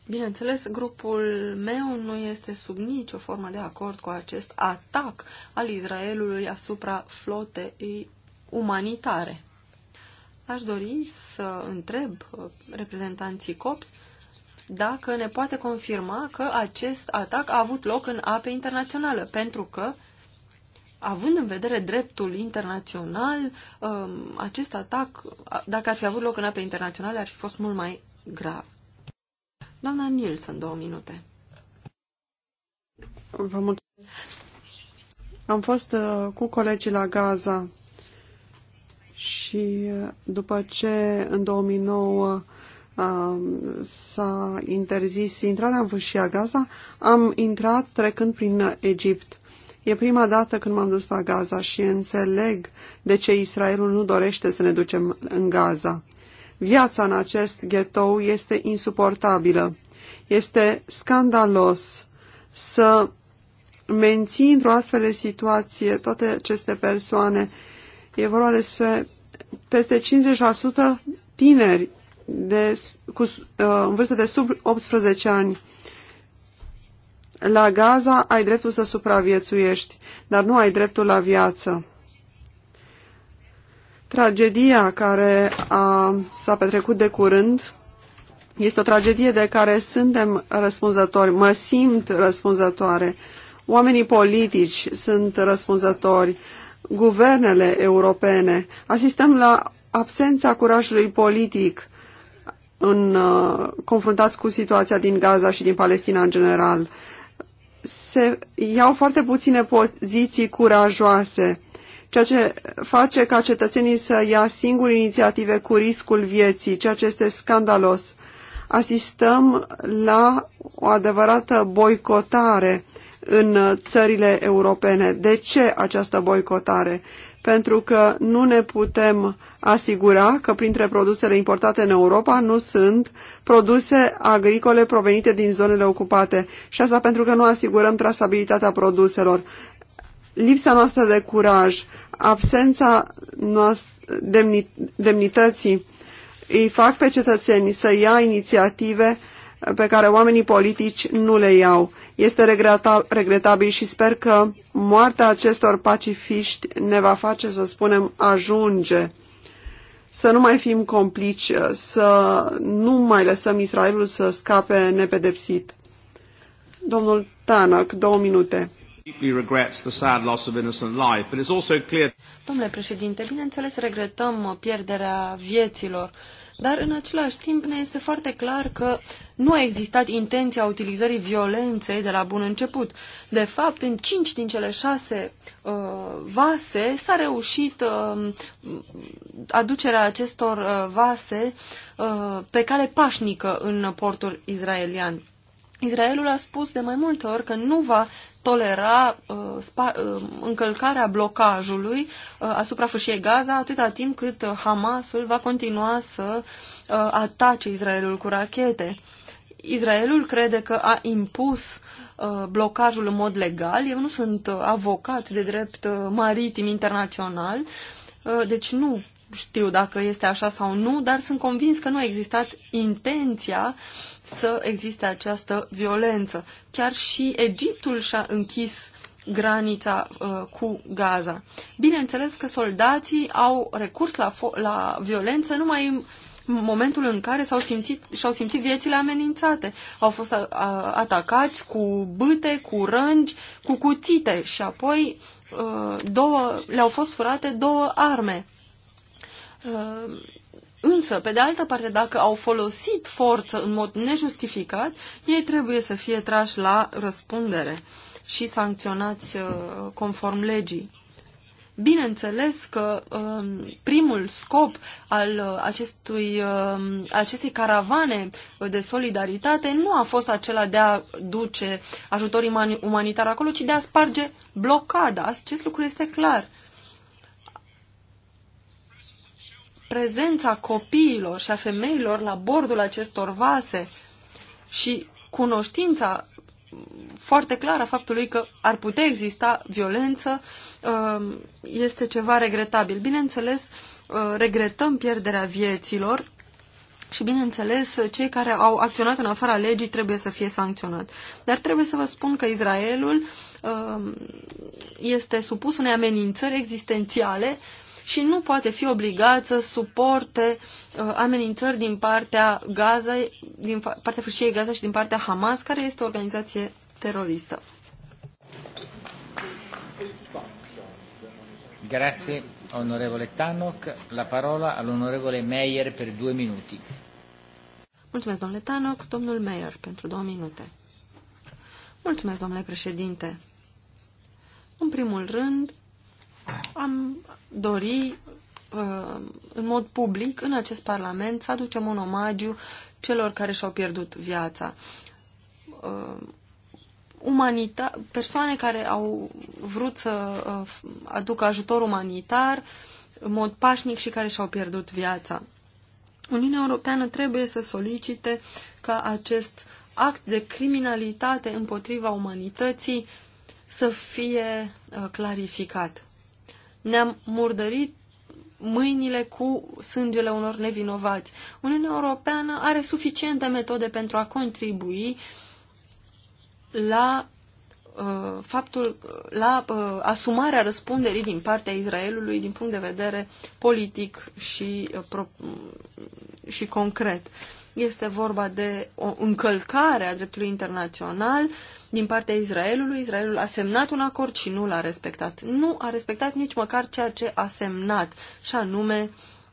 Bineînțeles, grupul meu nu este sub nicio formă de acord cu acest atac al Israelului asupra flotei umanitare. Aș dori să întreb uh, reprezentanții COPS dacă ne poate confirma că acest atac a avut loc în ape internaționale, pentru că, având în vedere dreptul internațional, um, acest atac, dacă ar fi avut loc în ape internaționale, ar fi fost mult mai grav. Doamna Nielsen, două minute. Vă mulțumesc. Am fost uh, cu colegii la Gaza și uh, după ce în 2009 uh, s-a interzis intrarea în fâșia Gaza, am intrat trecând prin Egipt. E prima dată când m-am dus la Gaza și înțeleg de ce Israelul nu dorește să ne ducem în Gaza. Viața în acest ghetou este insuportabilă. Este scandalos să menții într-o astfel de situație toate aceste persoane. E vorba despre peste 50% tineri de, cu, uh, în vârstă de sub 18 ani. La Gaza ai dreptul să supraviețuiești, dar nu ai dreptul la viață. Tragedia care s-a petrecut de curând este o tragedie de care suntem răspunzători, mă simt răspunzătoare. Oamenii politici sunt răspunzători, guvernele europene. Asistăm la absența curajului politic în, uh, confruntați cu situația din Gaza și din Palestina în general. Se iau foarte puține poziții curajoase ceea ce face ca cetățenii să ia singuri inițiative cu riscul vieții, ceea ce este scandalos. Asistăm la o adevărată boicotare în țările europene. De ce această boicotare? Pentru că nu ne putem asigura că printre produsele importate în Europa nu sunt produse agricole provenite din zonele ocupate. Și asta pentru că nu asigurăm trasabilitatea produselor lipsa noastră de curaj, absența noastră, demni, demnității, îi fac pe cetățenii să ia inițiative pe care oamenii politici nu le iau. Este regretabil și sper că moartea acestor pacifiști ne va face, să spunem, ajunge. Să nu mai fim complici, să nu mai lăsăm Israelul să scape nepedepsit. Domnul Tanak, două minute. Domnule președinte, bineînțeles regretăm pierderea vieților, dar în același timp ne este foarte clar că nu a existat intenția utilizării violenței de la bun început. De fapt, în cinci din cele șase uh, vase s-a reușit uh, aducerea acestor uh, vase uh, pe cale pașnică în portul israelian. Israelul a spus de mai multe ori că nu va tolera uh, spa, uh, încălcarea blocajului uh, asupra fâșiei Gaza atâta timp cât uh, Hamasul va continua să uh, atace Israelul cu rachete. Israelul crede că a impus uh, blocajul în mod legal. Eu nu sunt uh, avocat de drept uh, maritim internațional, deci nu știu dacă este așa sau nu, dar sunt convins că nu a existat intenția uh, să existe această violență. Chiar și Egiptul și-a închis granița uh, cu Gaza. Bineînțeles că soldații au recurs la, la violență numai în momentul în care s-au simțit, și-au simțit viețile amenințate. Au fost a, uh, a, atacați cu bâte, cu rângi, cu cuțite și apoi uh, două, le-au fost furate două arme. Uh, Însă, pe de altă parte, dacă au folosit forță în mod nejustificat, ei trebuie să fie trași la răspundere și sancționați uh, conform legii. Bineînțeles că um, primul scop al uh, acestui, um, acestei caravane de solidaritate nu a fost acela de a duce ajutor umanitar acolo, ci de a sparge blocada. Acest lucru este clar. Uh, prezența copiilor și a femeilor la bordul acestor vase și cunoștința foarte clară a faptului că ar putea exista violență um, este ceva regretabil. Bineînțeles, uh, regretăm pierderea vieților și, bineînțeles, cei care au acționat în afara legii trebuie să fie sancționat. Dar trebuie să vă spun că Israelul um, este supus unei amenințări existențiale și nu poate fi obligat să suporte uh, amenințări din partea Gaza, din partea Fâșiei Gaza și din partea Hamas, care este o organizație teroristă. Grazie, onorevole Tanok. La parola all'onorevole Meyer per due minuti. Mulțumesc, domnule Tanok. Domnul Meyer, pentru două minute. Mulțumesc, domnule președinte. În primul rând, am dori uh, în mod public în acest Parlament să aducem un omagiu celor care și-au pierdut viața. Uh, umanita persoane care au vrut să uh, aducă ajutor umanitar în mod pașnic și care și-au pierdut viața. Uniunea Europeană trebuie să solicite ca acest act de criminalitate împotriva umanității să fie clarificat ne-am murdărit mâinile cu sângele unor nevinovați. Uniunea Europeană are suficiente metode pentru a contribui la uh, faptul, la uh, asumarea răspunderii din partea Israelului din punct de vedere politic și, uh, pro, și concret. Uh, este vorba de o încălcare a dreptului internațional din partea Israelului. Israelul a semnat un acord și nu l-a respectat. Nu a respectat nici măcar ceea ce a semnat, și anume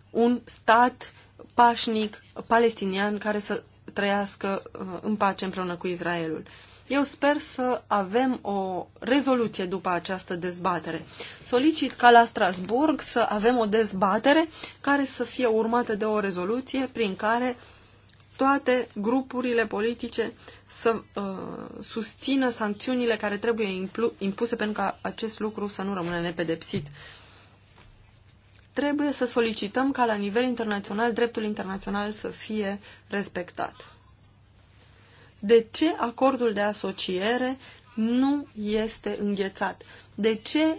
un stat pașnic palestinian care să trăiască uh, în pace împreună cu Israelul. Eu sper să avem o rezoluție după această dezbatere. Solicit ca la Strasburg să avem o dezbatere care să fie urmată de o rezoluție prin care toate grupurile politice să uh, susțină sancțiunile care trebuie impuse pentru ca acest lucru să nu rămână nepedepsit. Trebuie să solicităm ca la nivel internațional dreptul internațional să fie respectat. De ce acordul de asociere nu este înghețat? De ce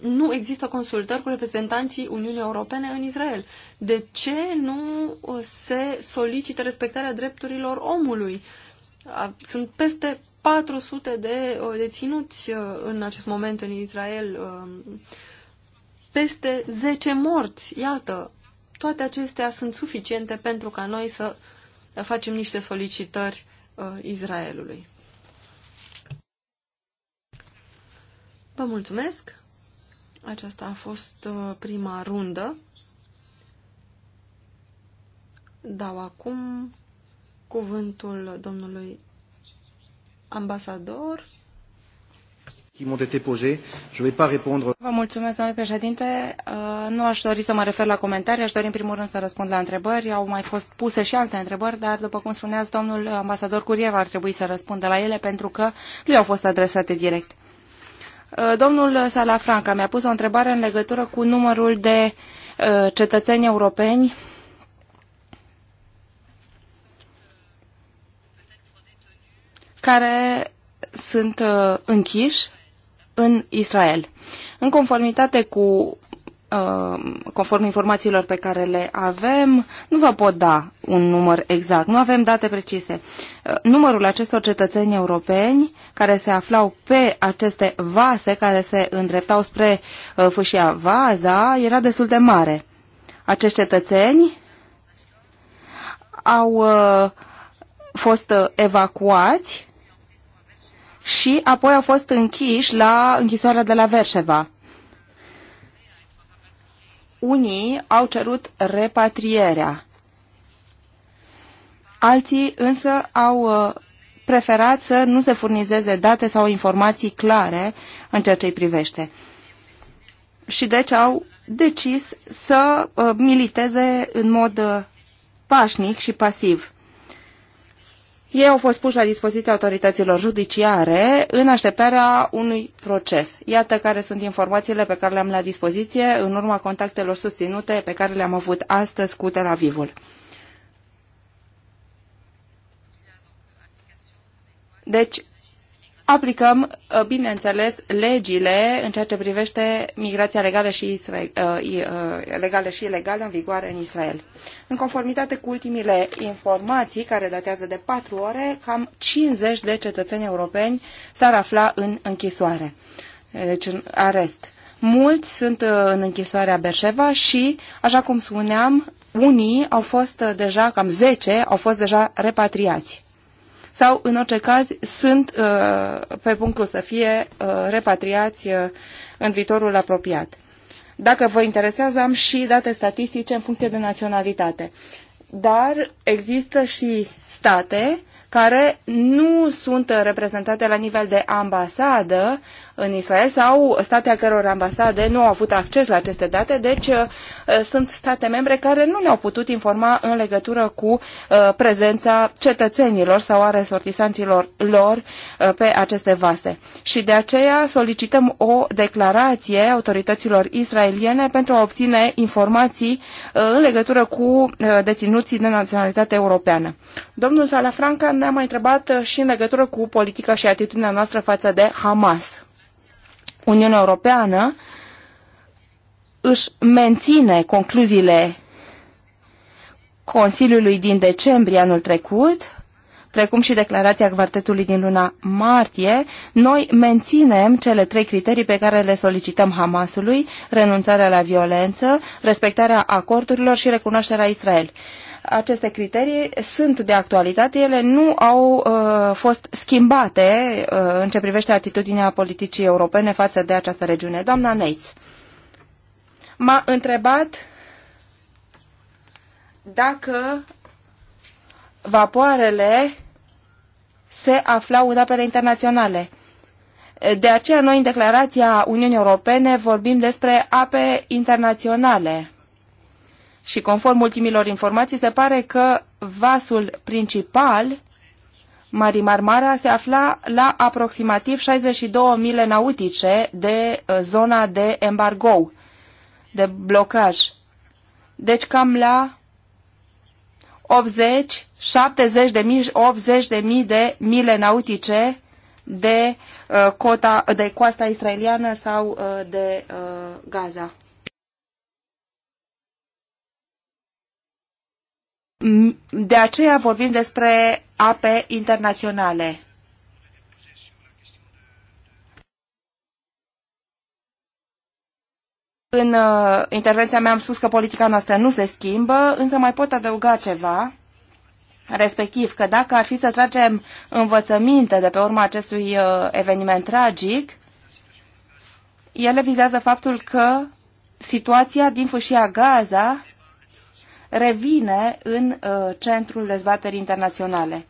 nu există consultări cu reprezentanții Uniunii Europene în Israel. De ce nu se solicită respectarea drepturilor omului? Sunt peste 400 de deținuți uh, în acest moment în Israel, um, peste 10 morți. Iată, toate acestea sunt suficiente pentru ca noi să facem niște solicitări uh, Israelului. Vă mulțumesc! Aceasta a fost uh, prima rundă. Dau acum cuvântul domnului ambasador. Vă mulțumesc, domnule președinte. Uh, nu aș dori să mă refer la comentarii, aș dori în primul rând să răspund la întrebări. Au mai fost puse și alte întrebări, dar după cum spuneați, domnul ambasador Curiev ar trebui să răspundă la ele pentru că lui au fost adresate direct. Uh, domnul Salafranca mi-a pus o întrebare în legătură cu numărul de uh, cetățeni europeni care sunt uh, închiși în Israel. În conformitate cu Uh, conform informațiilor pe care le avem, nu vă pot da un număr exact, nu avem date precise. Uh, numărul acestor cetățeni europeni care se aflau pe aceste vase, care se îndreptau spre uh, fâșia Vaza, era destul de mare. Acești cetățeni au fost evacuați și apoi au fost închiși la închisoarea de la Verșeva unii au cerut repatrierea, alții însă au uh, preferat să nu se furnizeze date sau informații clare în ceea ce îi privește. Și deci au decis să uh, militeze în mod uh, pașnic și pasiv. Ei au fost puși la dispoziția autorităților judiciare în așteptarea unui proces. Iată care sunt informațiile pe care le-am la dispoziție în urma contactelor susținute pe care le-am avut astăzi cu Tel Avivul. Deci, aplicăm, uh, bineînțeles, legile în ceea ce privește migrația legală și, Israel, uh, uh, legală și ilegală în vigoare în Israel. În conformitate cu ultimile informații, care datează de patru ore, cam 50 de cetățeni europeni s-ar afla în închisoare, deci în arest. Mulți sunt în închisoarea Berșeva și, așa cum spuneam, unii au fost deja, cam 10, au fost deja repatriați sau, în orice caz, sunt uh, pe punctul să fie uh, repatriați uh, în viitorul apropiat. Dacă vă interesează, am și date statistice în funcție de naționalitate. Dar există și state care nu sunt reprezentate la nivel de ambasadă în Israel sau state a căror ambasade nu au avut acces la aceste date, deci uh, sunt state membre care nu ne-au putut informa în legătură cu uh, prezența cetățenilor sau a resortisanților lor uh, pe aceste vase. Și de aceea solicităm o declarație autorităților israeliene pentru a obține informații în legătură cu deținuții de naționalitate europeană. Domnul Salafranca ne-a mai întrebat și în legătură cu politica și atitudinea noastră față de Hamas. Uniunea Europeană își menține concluziile Consiliului din decembrie anul trecut, precum și declarația Quartetului din luna martie, noi menținem cele trei criterii pe care le solicităm Hamasului, renunțarea la violență, respectarea acordurilor și recunoașterea Israel aceste criterii sunt de actualitate, ele nu au uh, fost schimbate uh, în ce privește atitudinea politicii europene față de această regiune. Doamna Neitz m-a întrebat dacă vapoarele se aflau în apele internaționale. De aceea noi în declarația Uniunii Europene vorbim despre ape internaționale și conform ultimilor informații, se pare că vasul principal, Mari Marmara, se afla la aproximativ 62 mile nautice de uh, zona de embargo, de blocaj. Deci cam la 80, 70 de mii, 80 de mii de mile nautice de, uh, cota, de coasta israeliană sau uh, de uh, Gaza. De aceea vorbim despre ape internaționale. În uh, intervenția mea am spus că politica noastră nu se schimbă, însă mai pot adăuga ceva, respectiv că dacă ar fi să tragem învățăminte de pe urma acestui uh, eveniment tragic, ele vizează faptul că situația din fâșia Gaza revine în uh, centrul dezbaterii internaționale.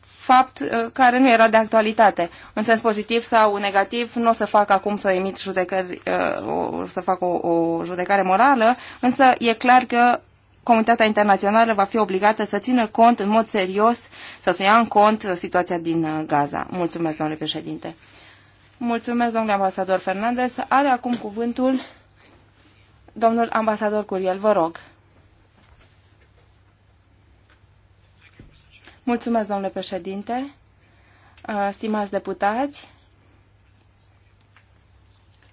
Fapt uh, care nu era de actualitate. În sens pozitiv sau negativ, nu o să fac acum să emit judecări, uh, o să fac o, o judecare morală, însă e clar că comunitatea internațională va fi obligată să țină cont în mod serios, să se ia în cont situația din Gaza. Mulțumesc, domnule președinte. Mulțumesc, domnule ambasador Fernandez. Are acum cuvântul domnul ambasador Curiel, vă rog. Mulțumesc, domnule președinte, uh, stimați deputați,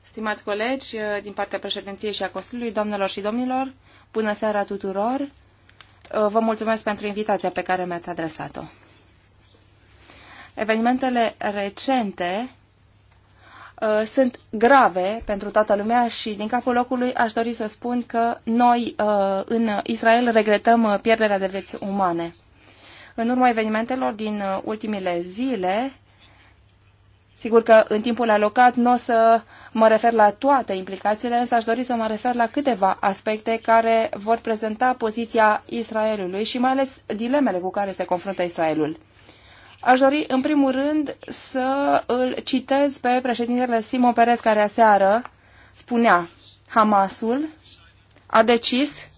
stimați colegi uh, din partea președinției și a Consiliului, doamnelor și domnilor, bună seara tuturor. Uh, vă mulțumesc pentru invitația pe care mi-ați adresat-o. Evenimentele recente sunt grave pentru toată lumea și din capul locului aș dori să spun că noi în Israel regretăm pierderea de vieți umane. În urma evenimentelor din uh, ultimile zile, sigur că în timpul alocat nu o să mă refer la toate implicațiile, însă aș dori să mă refer la câteva aspecte care vor prezenta poziția Israelului și mai ales dilemele cu care se confruntă Israelul. Aș dori, în primul rând, să îl citez pe președintele Simon Perez, care aseară spunea Hamasul a decis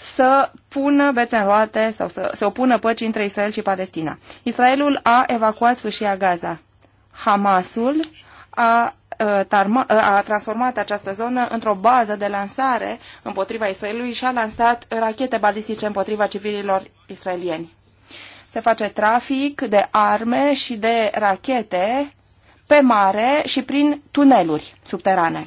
să pună bețe în roate sau să se opună păcii între Israel și Palestina. Israelul a evacuat fâșia Gaza. Hamasul a, ă, ă, a transformat această zonă într-o bază de lansare împotriva Israelului și a lansat rachete balistice împotriva civililor israelieni. Se face trafic de arme și de rachete pe mare și prin tuneluri subterane.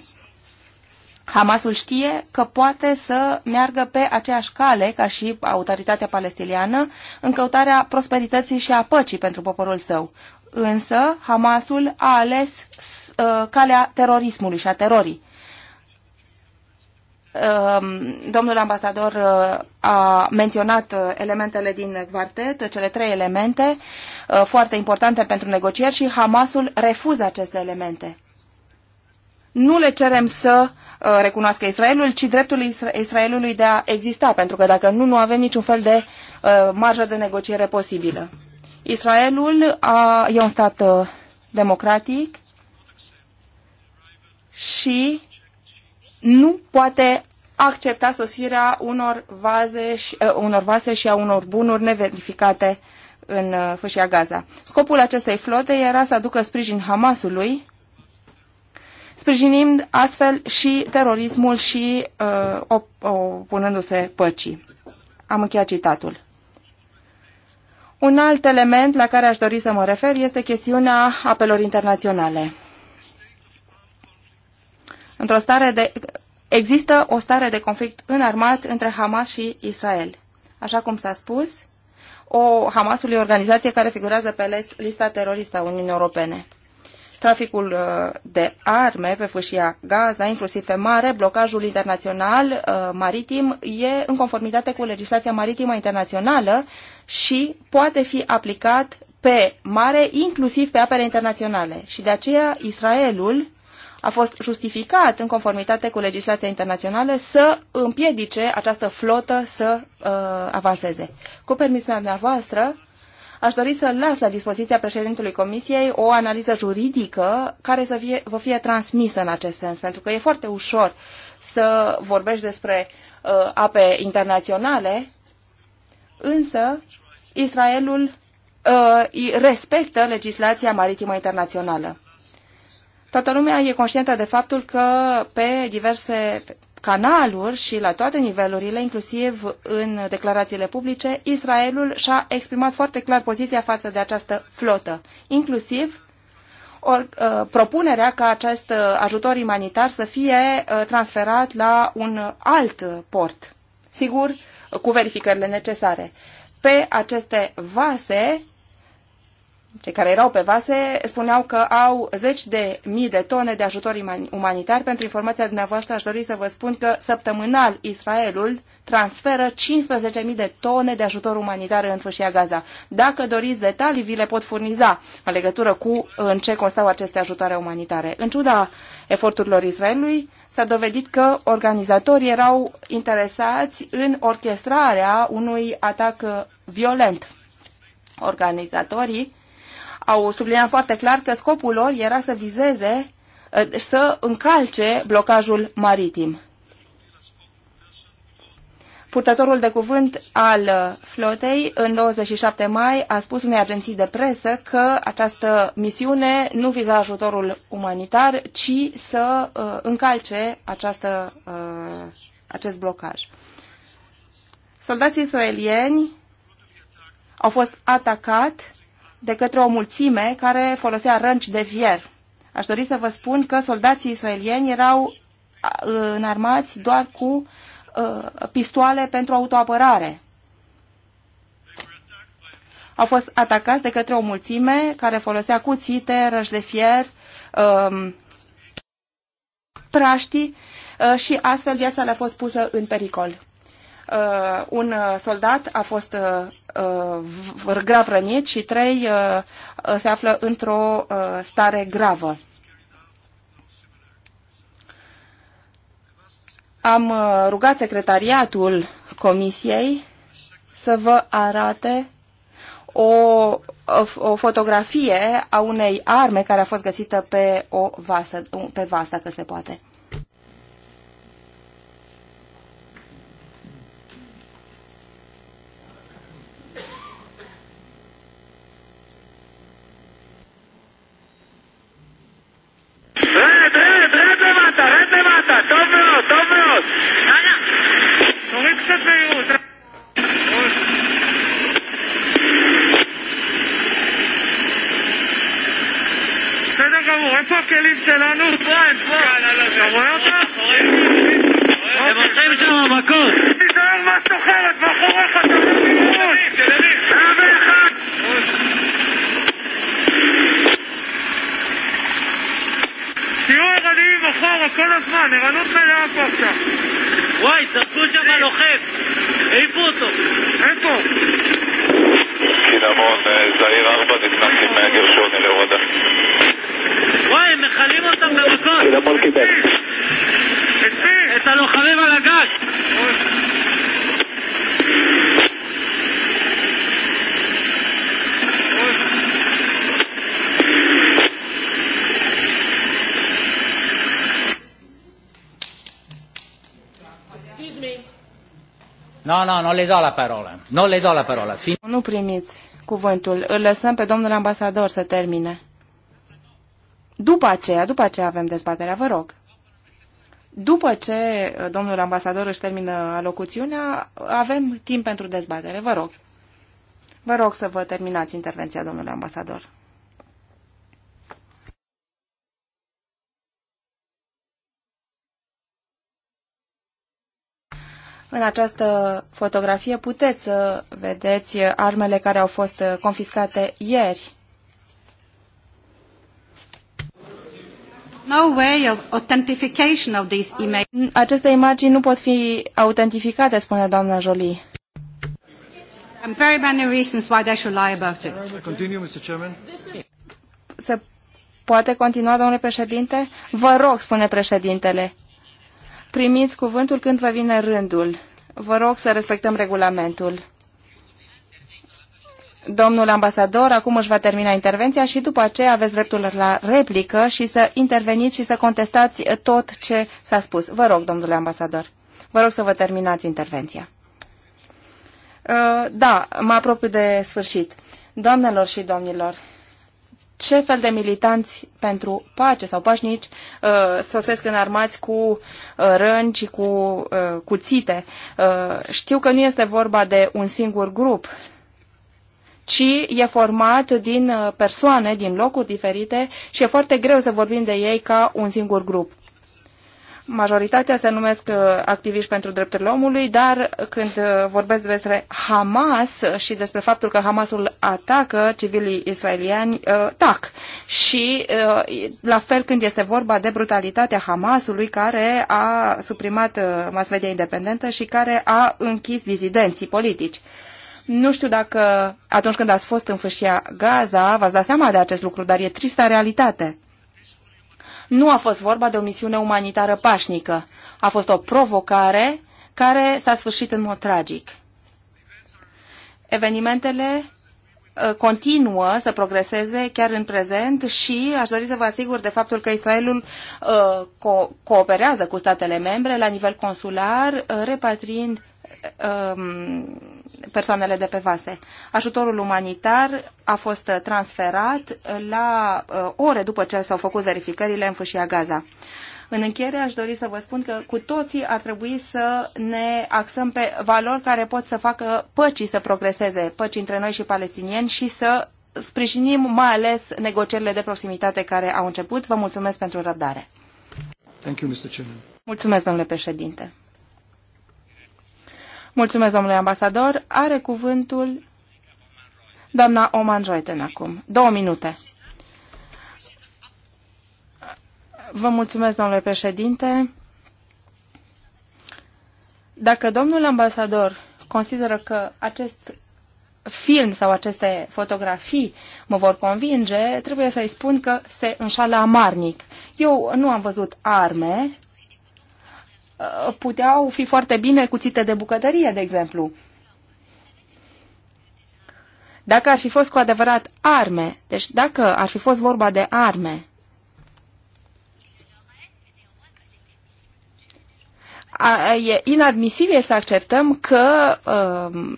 Hamasul știe că poate să meargă pe aceeași cale ca și autoritatea palestiniană în căutarea prosperității și a păcii pentru poporul său. Însă Hamasul a ales uh, calea terorismului și a terorii. Um, domnul ambasador uh, a menționat uh, elementele din quartet, cele trei elemente uh, foarte importante pentru negocieri și Hamasul refuză aceste elemente nu le cerem să uh, recunoască Israelul, ci dreptul Israelului de a exista, pentru că dacă nu, nu avem niciun fel de uh, marjă de negociere posibilă. Israelul a, e un stat uh, democratic și nu poate accepta sosirea unor, vaze și, uh, unor vase și a unor bunuri neverificate în uh, fâșia Gaza. Scopul acestei flote era să aducă sprijin Hamasului sprijinind astfel și terorismul și uh, opunându-se păcii. Am încheiat citatul. Un alt element la care aș dori să mă refer este chestiunea apelor internaționale. Într-o stare de, există o stare de conflict înarmat între Hamas și Israel. Așa cum s-a spus, o Hamasul e o organizație care figurează pe lista teroristă a Uniunii Europene traficul uh, de arme pe fâșia Gaza, inclusiv pe mare, blocajul internațional uh, maritim, e în conformitate cu legislația maritimă internațională și poate fi aplicat pe mare, inclusiv pe apele internaționale. Și de aceea Israelul a fost justificat în conformitate cu legislația internațională să împiedice această flotă să uh, avanseze. Cu permisiunea dumneavoastră, Aș dori să las la dispoziția președintelui Comisiei o analiză juridică care să fie, vă fie transmisă în acest sens, pentru că e foarte ușor să vorbești despre uh, ape internaționale, însă Israelul uh, respectă legislația maritimă internațională. Toată lumea e conștientă de faptul că pe diverse canaluri și la toate nivelurile, inclusiv în declarațiile publice, Israelul și-a exprimat foarte clar poziția față de această flotă, inclusiv or, uh, propunerea ca acest uh, ajutor imanitar să fie uh, transferat la un alt port, sigur, cu verificările necesare. Pe aceste vase cei care erau pe vase spuneau că au zeci de mii de tone de ajutor umanitar. Pentru informația dumneavoastră aș dori să vă spun că săptămânal Israelul transferă 15.000 de tone de ajutor umanitar în fâșia Gaza. Dacă doriți detalii, vi le pot furniza în legătură cu în ce constau aceste ajutoare umanitare. În ciuda eforturilor Israelului, s-a dovedit că organizatorii erau interesați în orchestrarea unui atac violent. Organizatorii au subliniat foarte clar că scopul lor era să vizeze, ă, să încalce blocajul maritim. Purtătorul de cuvânt al flotei, în 27 mai, a spus unei agenții de presă că această misiune nu viza ajutorul umanitar, ci să uh, încalce această, uh, acest blocaj. Soldații israelieni au fost atacat de către o mulțime care folosea rănci de fier. Aș dori să vă spun că soldații israelieni erau înarmați doar cu uh, pistoale pentru autoapărare. Au fost atacați de către o mulțime care folosea cuțite, răși de fier, um, praștii uh, și astfel viața le-a fost pusă în pericol uh, un uh, soldat a fost uh, uh grav rănit și trei uh, uh, se află într-o uh, stare gravă. Am rugat secretariatul comisiei să vă arate o, o fotografie a unei arme care a fost găsită pe o vasă, pe vasă, dacă se poate. איפה הכלים שלנו? אתה רואה אותם? הם עושים שם מכות! תיזהר מהסוחרת מאחוריך, אתה מבין? תל אביב! תהיו ערניים אחורה כל הזמן, ערנות מלאה פה עכשיו. וואי, זרקו שם לוחם, העיפו אותו. איפה? קינמון, זעיר ארבע, נכנסים מהגרשוני להורדה. וואי, הם מכלים אותם במקום. קינמון קיבל. את מי? את הלוחמים על הגג. Nu, nu, nu le dau la parola. Nu le dau la parola. Fin... Nu primiți cuvântul. Îl lăsăm pe domnul ambasador să termine. După aceea, după aceea avem dezbaterea, vă rog. După ce uh, domnul ambasador își termină alocuțiunea, avem timp pentru dezbatere, vă rog. Vă rog să vă terminați intervenția, domnule ambasador. În această fotografie puteți să vedeți armele care au fost confiscate ieri. No way of authentication of these images. Aceste imagini nu pot fi autentificate, spune doamna Jolie. And very many reasons why they should lie about it. Continue, Mr. Chairman. Se poate continua, domnule președinte? Vă rog, spune președintele primiți cuvântul când vă vine rândul. Vă rog să respectăm regulamentul. Domnul ambasador acum își va termina intervenția și după aceea aveți dreptul la replică și să interveniți și să contestați tot ce s-a spus. Vă rog, domnule ambasador, vă rog să vă terminați intervenția. Uh, da, mă apropiu de sfârșit. Doamnelor și domnilor, ce fel de militanți pentru pace sau pașnici uh, sosesc înarmați cu uh, răni și cu uh, cuțite. Uh, știu că nu este vorba de un singur grup, ci e format din uh, persoane, din locuri diferite și e foarte greu să vorbim de ei ca un singur grup majoritatea se numesc uh, activiști pentru drepturile omului, dar când uh, vorbesc despre Hamas și despre faptul că Hamasul atacă civilii israeliani, uh, tac. Și la fel când este vorba de brutalitatea Hamasului care a suprimat mass media independentă și care a închis dizidenții politici. Nu știu dacă atunci când ați fost în fâșia Gaza v-ați dat seama de acest lucru, dar e trista realitate nu a fost vorba de o misiune umanitară pașnică. A fost o provocare care s-a sfârșit în mod tragic. Evenimentele uh, continuă să progreseze chiar în prezent și aș dori să vă asigur de faptul că Israelul uh, co cooperează cu statele membre la nivel consular, uh, repatriind um, persoanele de pe vase. Ajutorul umanitar a fost transferat la uh, ore după ce s-au făcut verificările în fâșia Gaza. În încheiere aș dori să vă spun că cu toții ar trebui să ne axăm pe valori care pot să facă păcii să progreseze, păcii între noi și palestinieni și să sprijinim mai ales negocierile de proximitate care au început. Vă mulțumesc pentru răbdare. Thank you, Mr. Mulțumesc, domnule președinte. Mulțumesc, domnule ambasador. Are cuvântul doamna Oman Reuten acum. Două minute. Vă mulțumesc, domnule președinte. Dacă domnul ambasador consideră că acest film sau aceste fotografii mă vor convinge, trebuie să-i spun că se înșală amarnic. Eu nu am văzut arme, Uh, puteau fi foarte bine cuțite de bucătărie, de exemplu. Dacă ar fi fost cu adevărat arme, deci dacă ar fi fost vorba de arme, a, e inadmisibil să acceptăm că a, uh,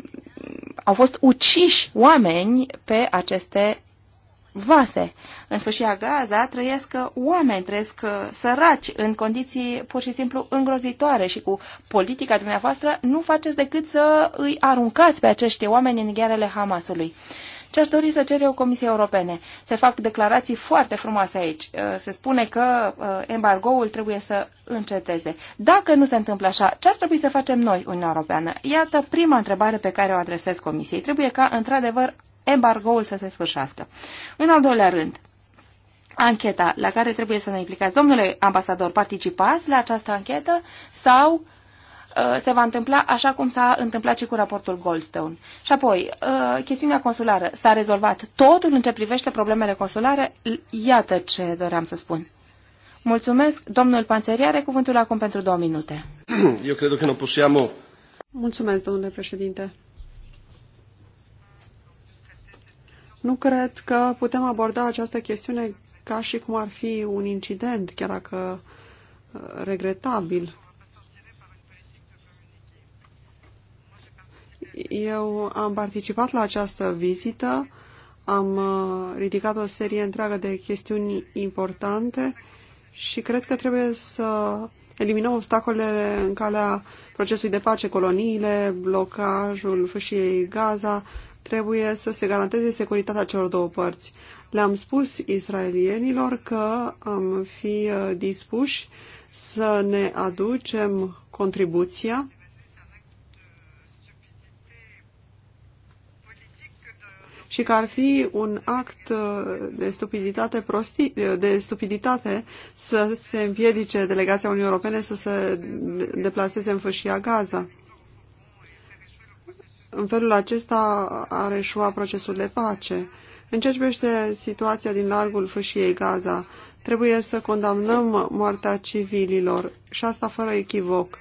au fost uciși oameni pe aceste vase. În fâșia Gaza trăiesc uh, oameni, trăiesc uh, săraci în condiții pur și simplu îngrozitoare și cu politica dumneavoastră nu faceți decât să îi aruncați pe acești oameni în ghearele Hamasului. Ce aș dori să cer eu Comisiei Europene? Se fac declarații foarte frumoase aici. Uh, se spune că embargoul trebuie să înceteze. Dacă nu se întâmplă așa, ce ar trebui să facem noi, Uniunea Europeană? Iată prima întrebare pe care o adresez Comisiei. Trebuie ca, într-adevăr, embargoul să se sfârșească. În al doilea rând, ancheta la care trebuie să ne implicați. Domnule ambasador, participați la această anchetă sau uh, se va întâmpla așa cum s-a întâmplat și cu raportul Goldstone. Și apoi, uh, chestiunea consulară. S-a rezolvat totul în ce privește problemele consulare? Iată ce doream să spun. Mulțumesc. Domnul Panțeri are cuvântul acum pentru două minute. Eu cred că nu pusiamo... Mulțumesc, domnule președinte. Nu cred că putem aborda această chestiune ca și cum ar fi un incident, chiar dacă uh, regretabil. Eu am participat la această vizită, am uh, ridicat o serie întreagă de chestiuni importante și cred că trebuie să eliminăm obstacolele în calea procesului de pace, coloniile, blocajul fâșiei Gaza, trebuie să se garanteze securitatea celor două părți. Le-am spus israelienilor că am fi uh, dispuși să ne aducem contribuția și că ar fi un act uh, de stupiditate, prosti, uh, de stupiditate să se împiedice delegația Uniunii Europene să se deplaseze în fâșia Gaza în felul acesta ar eșua procesul de pace. În ce privește situația din largul fâșiei Gaza, trebuie să condamnăm moartea civililor și asta fără echivoc.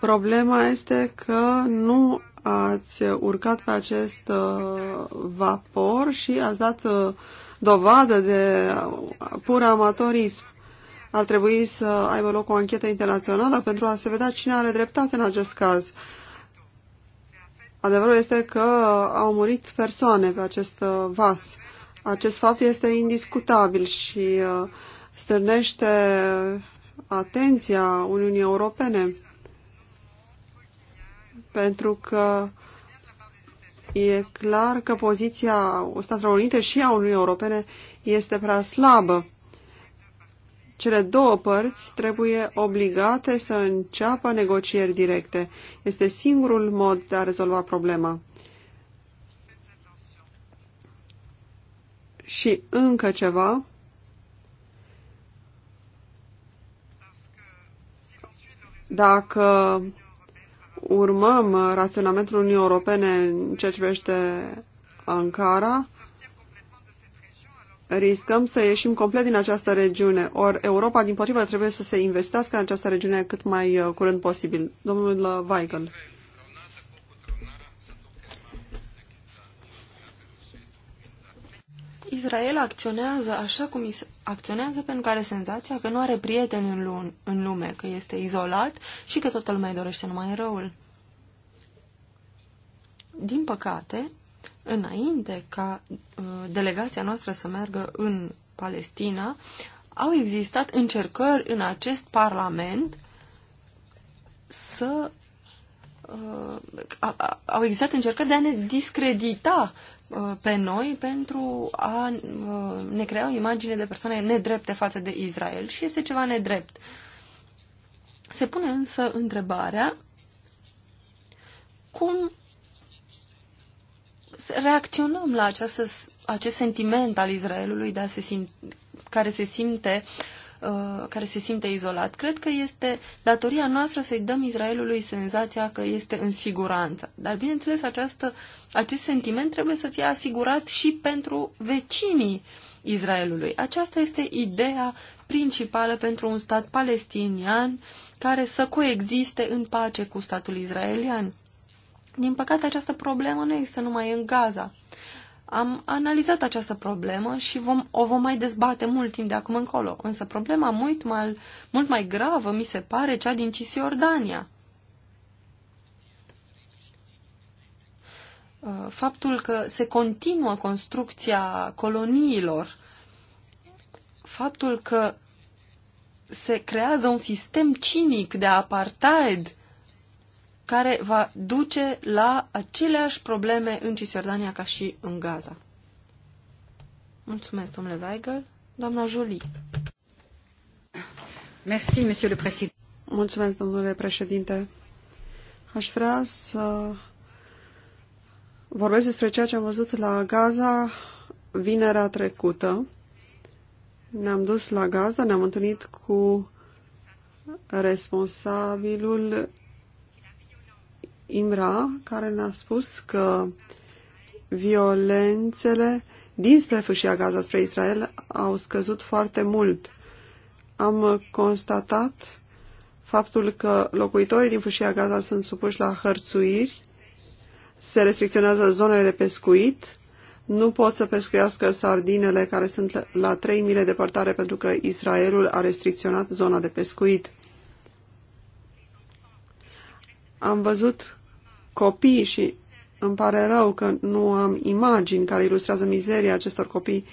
Problema este că nu ați urcat pe acest uh, vapor și ați dat uh, dovadă de pur amatorism ar trebui să aibă loc o anchetă internațională pentru a se vedea cine are dreptate în acest caz. Adevărul este că au murit persoane pe acest uh, vas. Acest fapt este indiscutabil și uh, stârnește atenția Uniunii Europene pentru că e clar că poziția Statelor Unite și a Uniunii Europene este prea slabă. Cele două părți trebuie obligate să înceapă negocieri directe. Este singurul mod de a rezolva problema. Și încă ceva. Dacă urmăm raționamentul Uniunii Europene în ceea ce privește Ankara, riscăm să ieșim complet din această regiune. Or, Europa, din potrivă, trebuie să se investească în această regiune cât mai uh, curând posibil. Domnul uh, Weigel. Israel acționează așa cum acționează pentru că are senzația că nu are prieteni în, lun, în lume, că este izolat și că toată lumea dorește numai răul. Din păcate, înainte ca uh, delegația noastră să meargă în Palestina, au existat încercări în acest Parlament să. Uh, au existat încercări de a ne discredita uh, pe noi pentru a ne crea o imagine de persoane nedrepte față de Israel și este ceva nedrept. Se pune însă întrebarea cum reacționăm la această, acest sentiment al Israelului de a se simt, care se simte uh, care se simte izolat. Cred că este datoria noastră să-i dăm Israelului senzația că este în siguranță. Dar, bineînțeles, această, acest sentiment trebuie să fie asigurat și pentru vecinii Israelului. Aceasta este ideea principală pentru un stat palestinian care să coexiste în pace cu statul israelian. Din păcate, această problemă nu există numai în Gaza. Am analizat această problemă și vom, o vom mai dezbate mult timp de acum încolo. Însă problema mult mai, mult mai gravă mi se pare cea din Cisjordania. Uh, faptul că se continuă construcția coloniilor, faptul că se creează un sistem cinic de apartheid care va duce la aceleași probleme în Cisjordania ca și în Gaza. Mulțumesc, domnule Weigel. Doamna Jolie. Merci, monsieur le président. Mulțumesc, domnule președinte. Aș vrea să vorbesc despre ceea ce am văzut la Gaza vinerea trecută. Ne-am dus la Gaza, ne-am întâlnit cu responsabilul Imra, care ne-a spus că violențele dinspre fâșia Gaza spre Israel au scăzut foarte mult. Am constatat faptul că locuitorii din fâșia Gaza sunt supuși la hărțuiri, se restricționează zonele de pescuit, nu pot să pescuiască sardinele care sunt la 3000 de departare pentru că Israelul a restricționat zona de pescuit. Am văzut copii și îmi pare rău că nu am imagini care ilustrează mizeria acestor copii.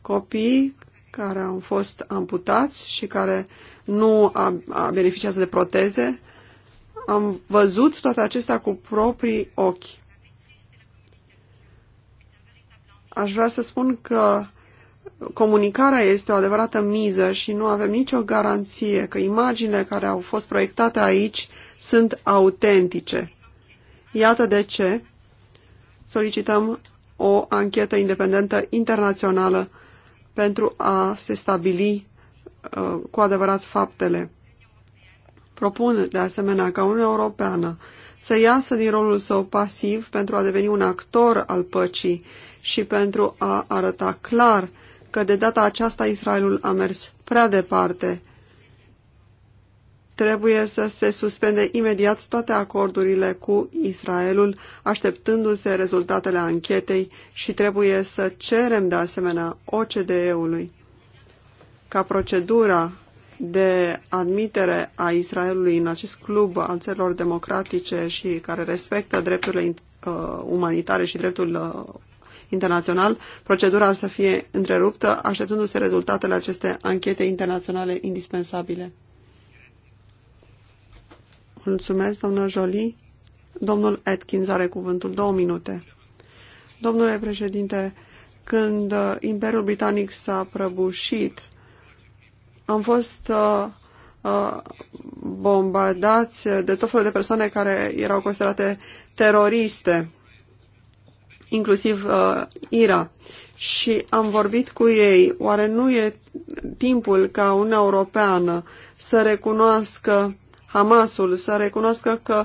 Copii care au fost amputați și care nu a, a beneficiază de proteze. Am văzut toate acestea cu proprii ochi. Aș vrea să spun că comunicarea este o adevărată miză și nu avem nicio garanție că imaginile care au fost proiectate aici sunt autentice. Iată de ce solicităm o anchetă independentă internațională pentru a se stabili uh, cu adevărat faptele. Propun, de asemenea, ca Uniunea Europeană să iasă din rolul său pasiv pentru a deveni un actor al păcii și pentru a arăta clar că de data aceasta Israelul a mers prea departe trebuie să se suspende imediat toate acordurile cu Israelul, așteptându-se rezultatele anchetei și trebuie să cerem de asemenea OCDE-ului ca procedura de admitere a Israelului în acest club al țărilor democratice și care respectă drepturile uh, umanitare și dreptul uh, internațional, procedura să fie întreruptă, așteptându-se rezultatele acestei anchete internaționale indispensabile. Mulțumesc, domnul Jolie. Domnul Atkins are cuvântul. Două minute. Domnule președinte, când uh, Imperiul Britanic s-a prăbușit, am fost uh, uh, bombardați de tot felul de persoane care erau considerate teroriste, inclusiv uh, IRA. Și am vorbit cu ei, oare nu e timpul ca Uniunea Europeană să recunoască Hamasul, să recunoască că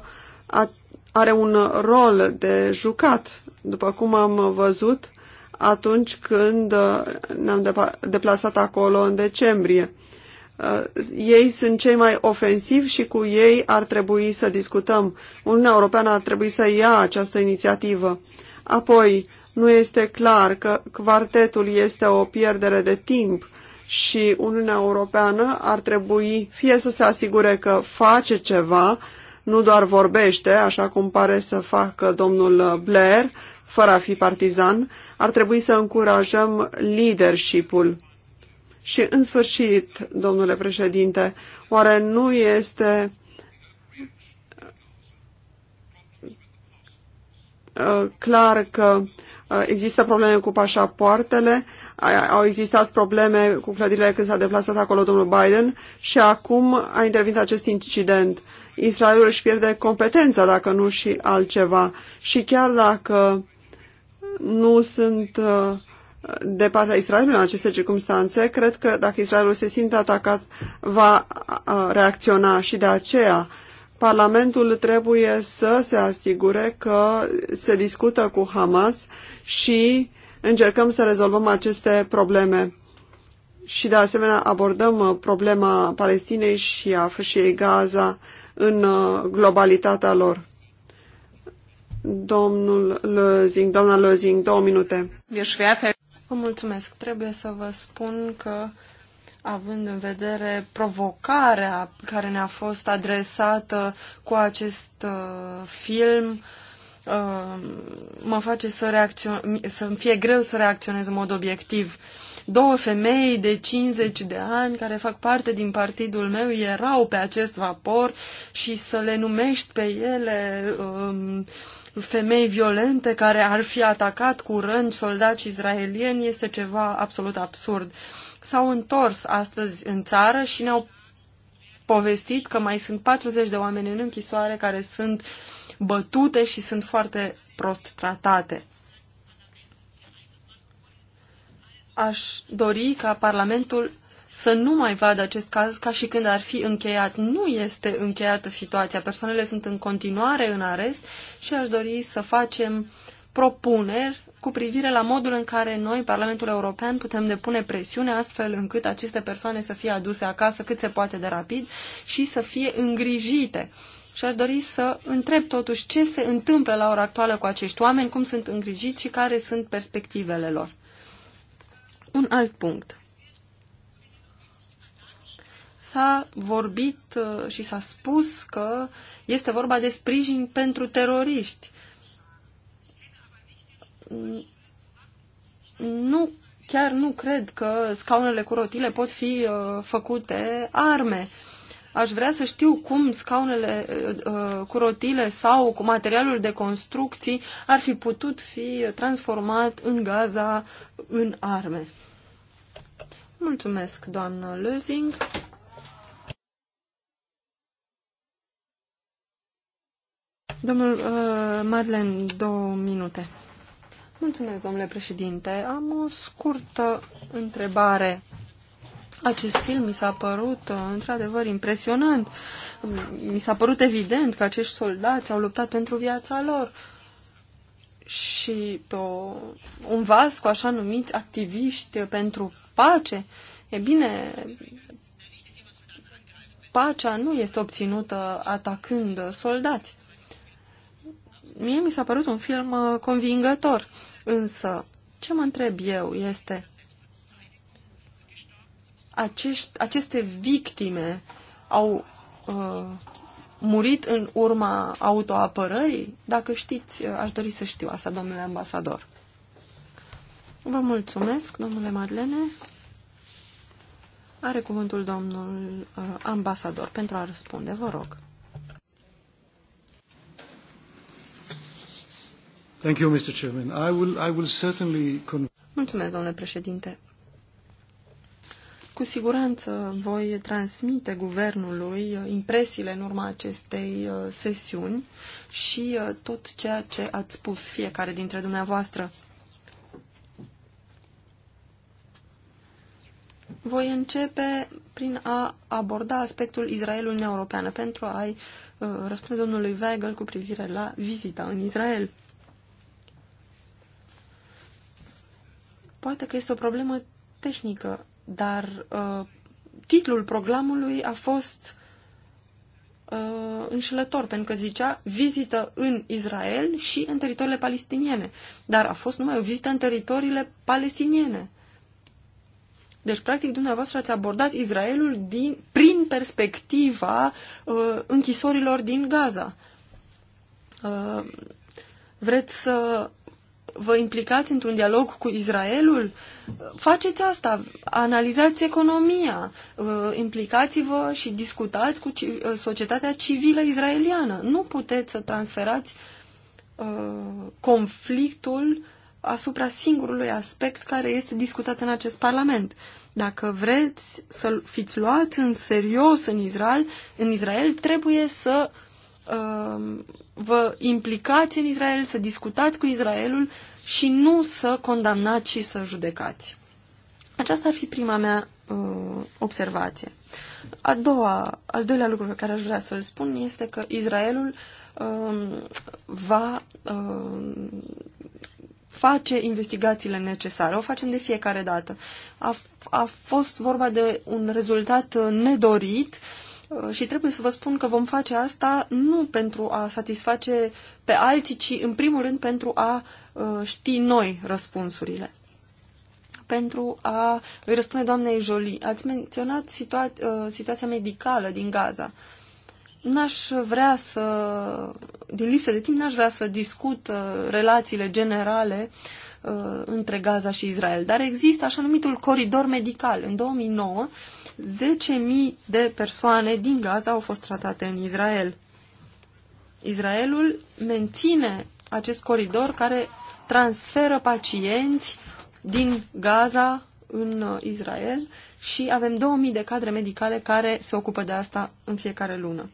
are un rol de jucat, după cum am văzut atunci când uh, ne-am deplasat acolo în decembrie. Uh, ei sunt cei mai ofensivi și cu ei ar trebui să discutăm. Uniunea Europeană ar trebui să ia această inițiativă. Apoi, nu este clar că quartetul este o pierdere de timp și Uniunea Europeană ar trebui fie să se asigure că face ceva, nu doar vorbește, așa cum pare să facă domnul Blair, fără a fi partizan, ar trebui să încurajăm leadership-ul. Și în sfârșit, domnule președinte, oare nu este uh, clar că uh, Uh, există probleme cu pașapoartele, au existat probleme cu clădirile când s-a deplasat acolo domnul Biden și acum a intervenit acest incident. Israelul își pierde competența, dacă nu și altceva. Și chiar dacă nu sunt uh, de partea Israelului în aceste circunstanțe, cred că dacă Israelul se simte atacat, va uh, reacționa și de aceea Parlamentul trebuie să se asigure că se discută cu Hamas și încercăm să rezolvăm aceste probleme. Și de asemenea abordăm uh, problema Palestinei și a fâșiei Gaza în uh, globalitatea lor. Domnul Lözing, doamna Lözing, două minute. Vă mulțumesc. Trebuie să vă spun că având în vedere provocarea care ne-a fost adresată cu acest uh, film, uh, mă face să să fie greu să reacționez în mod obiectiv. Două femei de 50 de ani care fac parte din partidul meu erau pe acest vapor și să le numești pe ele um, femei violente care ar fi atacat cu rând soldați izraelieni este ceva absolut absurd. Uh, s-au întors astăzi în țară și ne-au povestit că mai sunt 40 de oameni în închisoare care sunt bătute și sunt foarte prost tratate. Aș dori ca Parlamentul să nu mai vadă acest caz ca și când ar fi încheiat. Nu este încheiată situația. Persoanele sunt în continuare în arest și aș dori să facem propuneri cu privire la modul în care noi, Parlamentul European, putem depune presiune astfel încât aceste persoane să fie aduse acasă cât se poate de rapid și să fie îngrijite. Și aș dori să întreb totuși ce se întâmplă la ora actuală cu acești oameni, cum sunt îngrijiți și care sunt perspectivele lor. Un alt punct. S-a vorbit uh, și s-a spus că este vorba de sprijin pentru teroriști nu, chiar nu cred că scaunele cu rotile pot fi uh, făcute arme. Aș vrea să știu cum scaunele uh, uh cu rotile sau cu materialul de construcții ar fi putut fi transformat în Gaza în arme. Mulțumesc, doamnă Lözing. Domnul uh, Madlen, două minute. Mulțumesc, domnule președinte. Am o scurtă întrebare. Acest film mi s-a părut uh, într-adevăr impresionant. Mi s-a părut evident că acești soldați au luptat pentru viața lor. Și pe o, un vas cu așa numiți activiști pentru pace, e bine, pacea nu este obținută atacând soldați. Mie mi s-a părut un film uh, convingător. Însă, ce mă întreb eu este acești, aceste victime au uh, murit în urma autoapărării? Dacă știți, uh, aș dori să știu asta, domnule ambasador. Vă mulțumesc, domnule Madlene. Are cuvântul domnul uh, ambasador pentru a răspunde, vă rog. Thank you, Mr. Chairman. I will, I will certainly... Mulțumesc, domnule președinte. Cu siguranță voi transmite guvernului uh, impresiile în urma acestei uh, sesiuni și uh, tot ceea ce ați spus fiecare dintre dumneavoastră. Voi începe prin a aborda aspectul Israel-Uniunea Europeană pentru a-i răspunde domnului Weigel cu privire la vizita în Israel. Poate că este o problemă tehnică, dar uh, titlul programului a fost uh, înșelător, pentru că zicea vizită în Israel și în teritoriile palestiniene, dar a fost numai o vizită în teritoriile palestiniene. Deci, practic, dumneavoastră ați abordat Israelul din, prin perspectiva uh, închisorilor din Gaza. Uh, vreți să vă implicați într-un dialog cu Israelul? Faceți asta, analizați economia, implicați-vă și discutați cu uh, societatea civilă israeliană. Nu puteți să transferați uh, conflictul asupra singurului aspect care este discutat în acest Parlament. Dacă vreți să fiți luat în serios în Israel, în Israel trebuie să uh, Um, vă implicați în Israel, să discutați cu Israelul și nu să condamnați și să judecați. Aceasta ar fi prima mea uh, observație. A doua, al doilea lucru pe care aș vrea să-l spun este că Israelul uh, va uh, face investigațiile necesare. O facem de fiecare dată. A, a fost vorba de un rezultat uh, nedorit uh, și trebuie să vă spun că vom face asta nu pentru a satisface pe alții, ci în primul rând pentru a uh, ști noi răspunsurile. Pentru a îi răspunde doamnei Jolie, ați menționat situa uh, situația medicală din Gaza. N-aș vrea să, din lipsă de timp, n-aș vrea să discut uh, relațiile generale între Gaza și Israel, dar există așa numitul coridor medical. În 2009 10.000 de persoane din Gaza au fost tratate în Israel. Israelul menține acest coridor care transferă pacienți din Gaza în uh, Israel și avem 2000 de cadre medicale care se ocupă de asta în fiecare lună.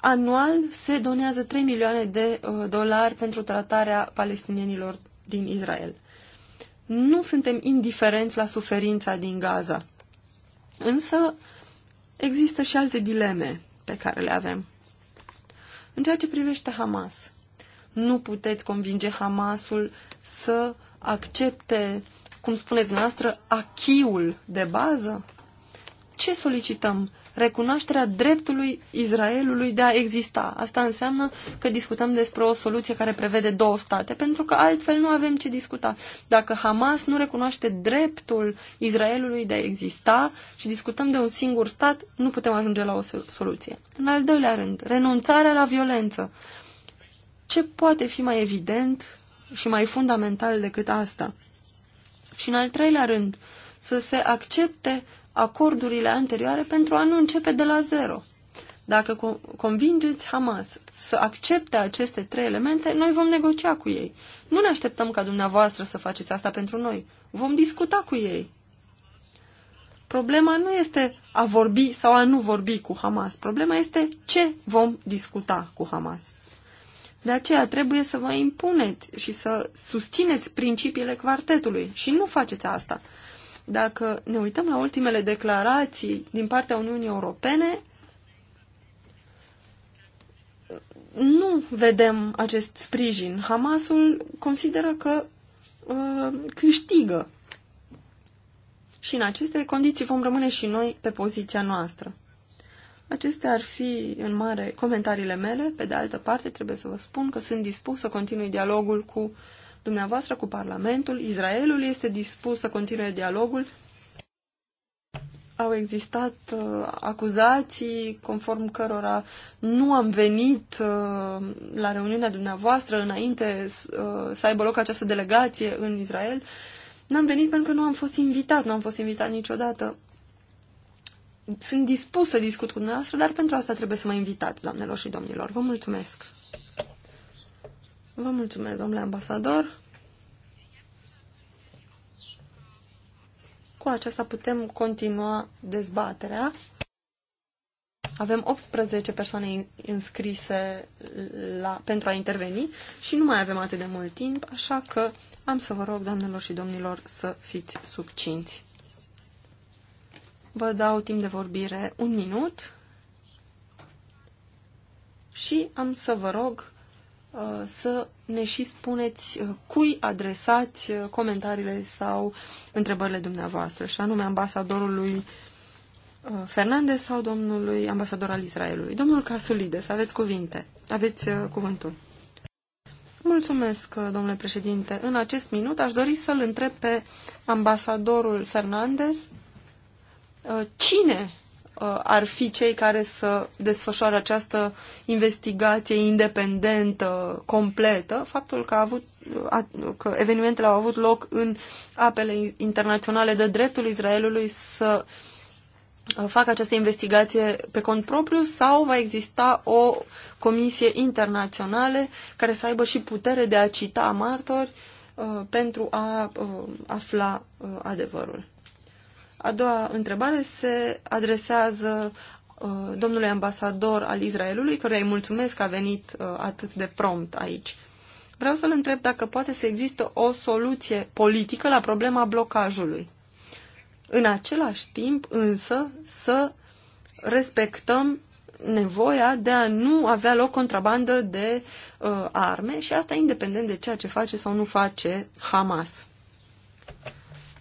Anual se donează 3 milioane de uh, dolari pentru tratarea palestinienilor din Israel nu suntem indiferenți la suferința din Gaza. Însă există și alte dileme pe care le avem. În ceea ce privește Hamas, nu puteți convinge Hamasul să accepte, cum spuneți dumneavoastră, achiul de bază? Ce solicităm? recunoașterea dreptului Israelului de a exista. Asta înseamnă că discutăm despre o soluție care prevede două state, pentru că altfel nu avem ce discuta. Dacă Hamas nu recunoaște dreptul Israelului de a exista și discutăm de un singur stat, nu putem ajunge la o soluție. În al doilea rând, renunțarea la violență. Ce poate fi mai evident și mai fundamental decât asta? Și în al treilea rând, să se accepte acordurile anterioare pentru a nu începe de la zero. Dacă convingeți Hamas să accepte aceste trei elemente, noi vom negocia cu ei. Nu ne așteptăm ca dumneavoastră să faceți asta pentru noi. Vom discuta cu ei. Problema nu este a vorbi sau a nu vorbi cu Hamas. Problema este ce vom discuta cu Hamas. De aceea trebuie să vă impuneți și să susțineți principiile quartetului și nu faceți asta. Dacă ne uităm la ultimele declarații din partea Uniunii Europene, nu vedem acest sprijin. Hamasul consideră că uh, câștigă. Și în aceste condiții vom rămâne și noi pe poziția noastră. Acestea ar fi, în mare, comentariile mele. Pe de altă parte, trebuie să vă spun că sunt dispus să continui dialogul cu dumneavoastră cu Parlamentul. Israelul este dispus să continue dialogul. Au existat uh, acuzații conform cărora nu am venit uh, la reuniunea dumneavoastră înainte uh, să aibă loc această delegație în Israel. N-am venit pentru că nu am fost invitat, nu am fost invitat niciodată sunt dispus să discut cu dumneavoastră, dar pentru asta trebuie să mă invitați, doamnelor și domnilor. Vă mulțumesc! Vă mulțumesc, domnule ambasador. Cu aceasta putem continua dezbaterea. Avem 18 persoane înscrise la, pentru a interveni și nu mai avem atât de mult timp, așa că am să vă rog, doamnelor și domnilor, să fiți succinți. Vă dau timp de vorbire un minut și am să vă rog Uh, să ne și spuneți uh, cui adresați uh, comentariile sau întrebările dumneavoastră, și anume ambasadorului Fernandez sau domnului ambasador al Israelului. Domnul Casulides, aveți cuvinte, aveți cuvântul. Mulțumesc, domnule președinte. În acest minut aș dori să-l întreb pe ambasadorul Fernandez cine Uh, ar fi cei care să desfășoare această investigație independentă, completă, faptul că, a avut, uh, că evenimentele au avut loc în apele internaționale de dreptul Israelului să uh, facă această investigație pe cont propriu sau va exista o comisie internațională care să aibă și putere de a cita martori uh, pentru a uh, afla uh, adevărul. A doua întrebare se adresează uh, domnului ambasador al Israelului, căruia îi mulțumesc că a venit uh, atât de prompt aici. Vreau să-l întreb dacă poate să există o soluție politică la problema blocajului. În același timp, însă, să respectăm nevoia de a nu avea loc contrabandă de uh, arme și asta independent de ceea ce face sau nu face Hamas.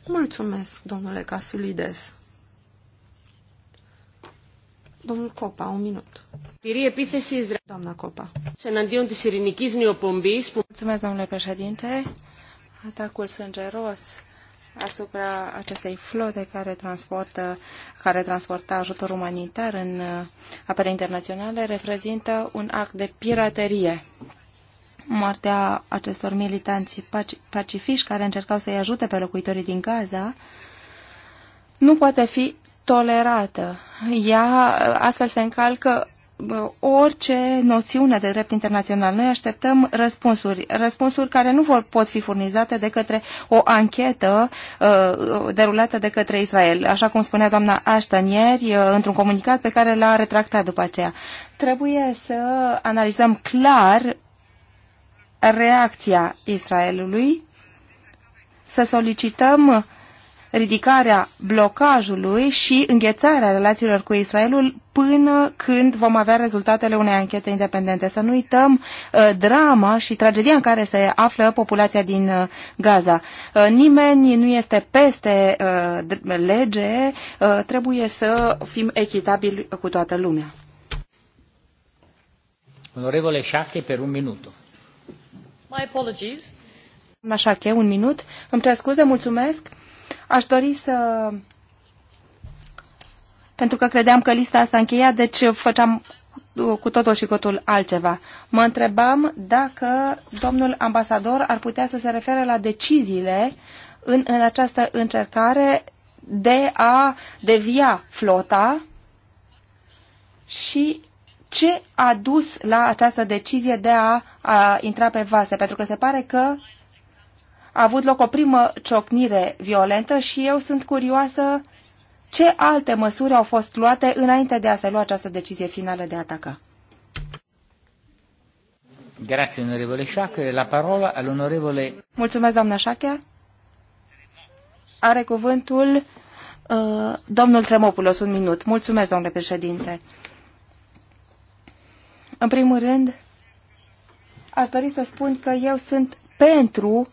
Mulțumesc, domnule Casulides. Domnul Copa, un minut. Tirie epithesis, doamna Copa. Senandion tis irinichis neopombis. Mulțumesc, domnule președinte. Atacul sângeros asupra acestei flote care transportă, care transporta ajutor umanitar în apele internaționale reprezintă un act de piraterie moartea acestor militanți pacifiști care încercau să-i ajute pe locuitorii din Gaza, nu poate fi tolerată. Ea astfel se încalcă uh, orice noțiune de drept internațional. Noi așteptăm răspunsuri, răspunsuri care nu vor pot fi furnizate de către o anchetă uh, derulată de către Israel, așa cum spunea doamna Ashton ieri uh, într-un comunicat pe care l-a retractat după aceea. Trebuie să analizăm clar reacția Israelului, să solicităm ridicarea blocajului și înghețarea relațiilor cu Israelul până când vom avea rezultatele unei anchete independente. Să nu uităm uh, drama și tragedia în care se află populația din uh, Gaza. Uh, nimeni nu este peste uh, lege, uh, trebuie să fim echitabili cu toată lumea. Onorevole Șache, pe un minut. My apologies. Așa că, un minut. Îmi cer scuze, mulțumesc. Aș dori să... Pentru că credeam că lista s-a încheiat, deci făceam uh, cu totul și cu totul altceva. Mă întrebam dacă domnul ambasador ar putea să se refere la deciziile în, în această încercare de a devia flota și ce a dus la această decizie de a a intrat pe vase, pentru că se pare că a avut loc o primă ciocnire violentă și eu sunt curioasă ce alte măsuri au fost luate înainte de a se lua această decizie finală de atacă. ataca. Grazie, onorevole La parola all'onorevole... Mulțumesc, doamna Șachea. Are cuvântul uh, domnul Tremopulos, un minut. Mulțumesc, domnule președinte. În primul rând, aș dori să spun că eu sunt pentru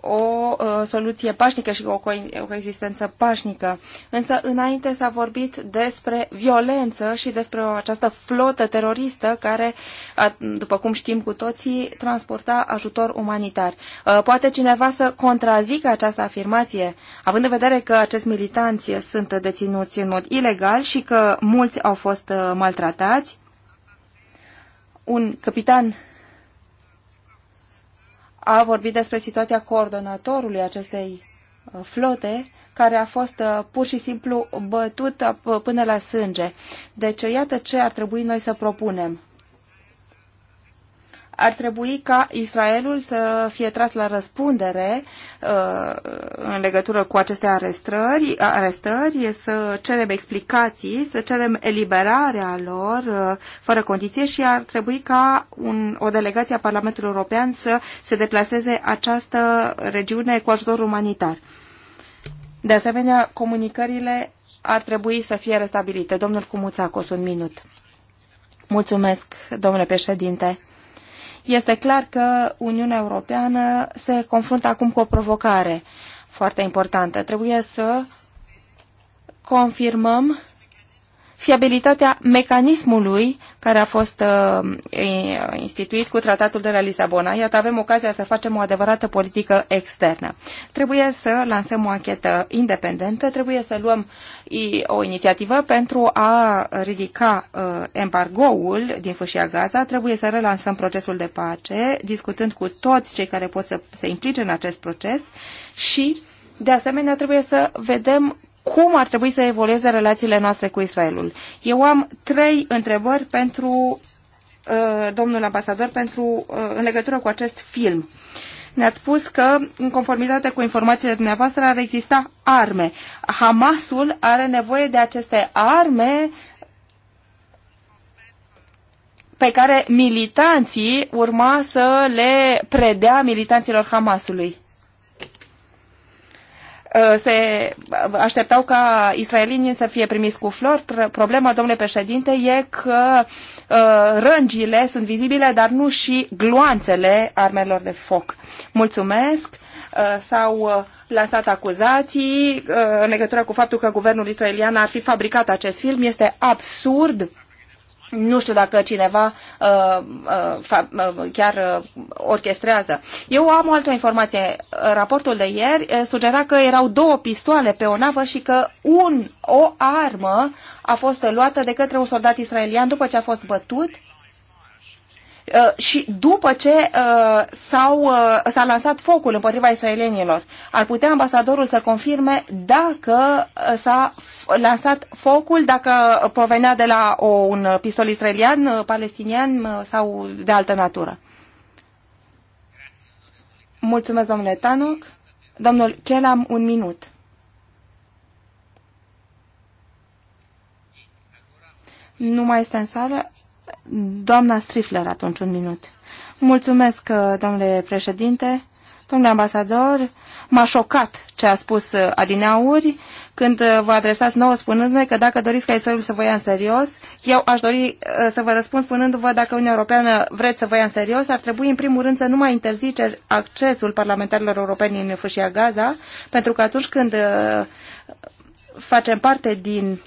o uh, soluție pașnică și o, co- o coexistență pașnică. Însă, înainte s-a vorbit despre violență și despre o, această flotă teroristă care, a, după cum știm cu toții, transporta ajutor umanitar. Uh, poate cineva să contrazică această afirmație, având în vedere că acești militanți sunt deținuți în mod ilegal și că mulți au fost uh, maltratați? Un capitan a vorbit despre situația coordonatorului acestei uh, flote, care a fost uh, pur și simplu bătută uh, până la sânge. Deci iată ce ar trebui noi să propunem ar trebui ca Israelul să fie tras la răspundere uh, în legătură cu aceste arestări, arestări, să cerem explicații, să cerem eliberarea lor uh, fără condiție și ar trebui ca un, o delegație a Parlamentului European să se deplaseze această regiune cu ajutor umanitar. De asemenea, comunicările ar trebui să fie restabilite. Domnul Cumuțacos, un minut. Mulțumesc, domnule președinte. Este clar că Uniunea Europeană se confruntă acum cu o provocare foarte importantă. Trebuie să confirmăm fiabilitatea mecanismului care a fost uh, instituit cu tratatul de la Lisabona. Iată, avem ocazia să facem o adevărată politică externă. Trebuie să lansăm o anchetă independentă, trebuie să luăm o inițiativă pentru a ridica uh, embargoul din fâșia Gaza, trebuie să relansăm procesul de pace, discutând cu toți cei care pot să se implice în acest proces și de asemenea, trebuie să vedem cum ar trebui să evolueze relațiile noastre cu Israelul. Eu am trei întrebări pentru uh, domnul ambasador pentru, uh, în legătură cu acest film. Ne-ați spus că, în conformitate cu informațiile dumneavoastră, ar exista arme. Hamasul are nevoie de aceste arme pe care militanții urma să le predea militanților Hamasului. Uh, se așteptau ca israelienii să fie primiți cu flori. Problema, domnule președinte, e că uh, rângile sunt vizibile, dar nu și gloanțele armelor de foc. Mulțumesc! Uh, s-au lansat acuzații în legătură cu faptul că guvernul israelian ar fi fabricat acest film. Este absurd nu știu dacă cineva uh, uh, uh, chiar uh, orchestrează. Eu am o altă informație. Raportul de ieri uh, sugera că erau două pistoale pe o navă și că un, o armă a fost luată de către un soldat israelian după ce a fost bătut Uh, și după ce uh, s uh, s-a lansat focul împotriva israelienilor. Ar putea ambasadorul să confirme dacă s-a lansat focul, dacă provenea de la o, un pistol israelian, palestinian sau de altă natură. Mulțumesc, domnule Tanoc. Domnul Chelam, un minut. Nu mai este în sală? Doamna Strifler, atunci un minut. Mulțumesc, uh, domnule președinte. Domnule ambasador, m-a șocat ce a spus uh, Adinauri, când uh, vă adresați nouă spunându-ne că dacă doriți ca Israelul să vă ia în serios, eu aș dori să vă răspund spunându-vă dacă Uniunea Europeană vreți să vă ia în serios, ar trebui în primul rând să nu mai interzice accesul parlamentarilor europeni în fâșia Gaza, pentru că atunci când facem parte din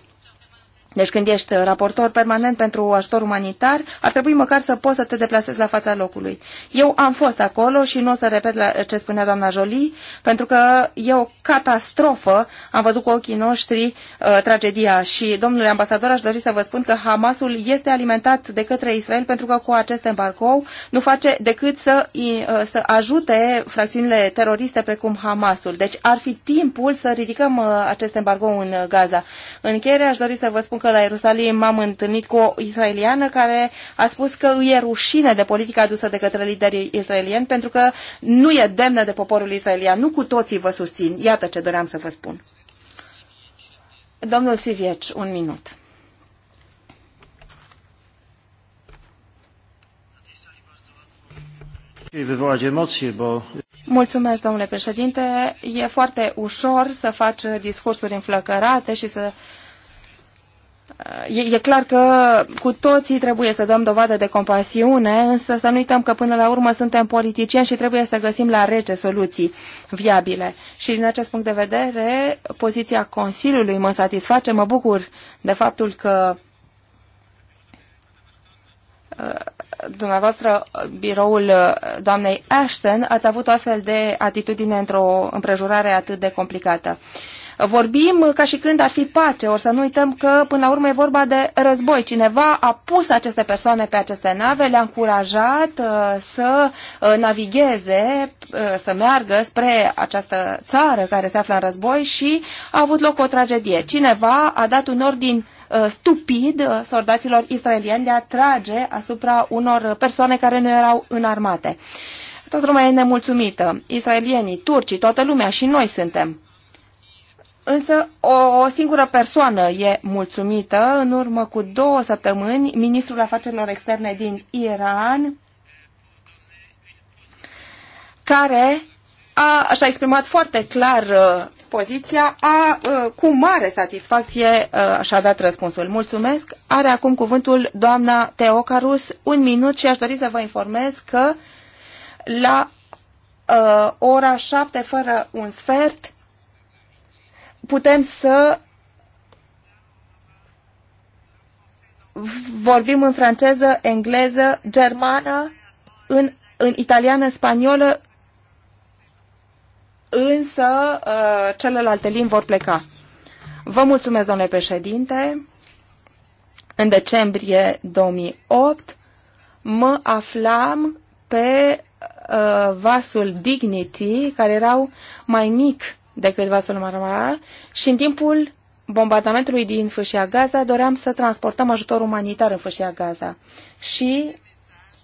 deci când ești raportor permanent pentru ajutor umanitar, ar trebui măcar să poți să te deplasezi la fața locului. Eu am fost acolo și nu o să repet la ce spunea doamna Jolie, pentru că e o catastrofă. Am văzut cu ochii noștri uh, tragedia și, domnule ambasador, aș dori să vă spun că Hamasul este alimentat de către Israel pentru că cu acest embarcou nu face decât să, uh, să ajute fracțiunile teroriste precum Hamasul. Deci ar fi timpul să ridicăm uh, acest embargo în Gaza. În încheiere aș dori să vă spun că la Ierusalim m-am întâlnit cu o israeliană care a spus că îi e rușine de politica adusă de către liderii israelieni pentru că nu e demnă de poporul israelian. Nu cu toții vă susțin. Iată ce doream să vă spun. Domnul Sivieci, un minut. bo... Mulțumesc, domnule președinte. E foarte ușor să faci discursuri înflăcărate și să Uh, e, e clar că cu toții trebuie să dăm dovadă de compasiune, însă să nu uităm că până la urmă suntem politicieni și trebuie să găsim la rece soluții viabile. Și din acest punct de vedere, poziția Consiliului mă satisface, mă bucur de faptul că uh, dumneavoastră, biroul uh, doamnei Ashton, ați avut o astfel de atitudine într-o împrejurare atât de complicată. Uh, Vorbim ca și când ar fi pace, Or să nu uităm că până la urmă e vorba de război. Cineva a pus aceste persoane pe aceste nave, le-a încurajat uh, să uh, navigheze, uh, să meargă spre această țară care se află în război și a avut loc o tragedie. Cineva a dat un ordin stupid soldaților israelieni de a trage asupra unor persoane care nu erau înarmate. Toată lumea e nemulțumită. Israelienii, turcii, toată lumea și noi suntem. Însă o, singură persoană e mulțumită. În urmă cu două săptămâni, ministrul afacerilor externe din Iran, care a, și-a exprimat foarte clar uh, poziția, a, uh, cu mare satisfacție așa uh, și-a dat răspunsul. Mulțumesc. Are acum cuvântul doamna Teocarus. Un minut și aș dori să vă informez că la a, ora șapte fără un sfert putem să vorbim în franceză, engleză, germană, în, în italiană, spaniolă, însă uh, celelalte limbi vor pleca. Vă mulțumesc, domnule președinte. În decembrie 2008 mă aflam pe uh, vasul Dignity, care erau mai mic de decât vasul Marmara și în timpul bombardamentului din Fâșia Gaza doream să transportăm ajutor umanitar în Fâșia Gaza și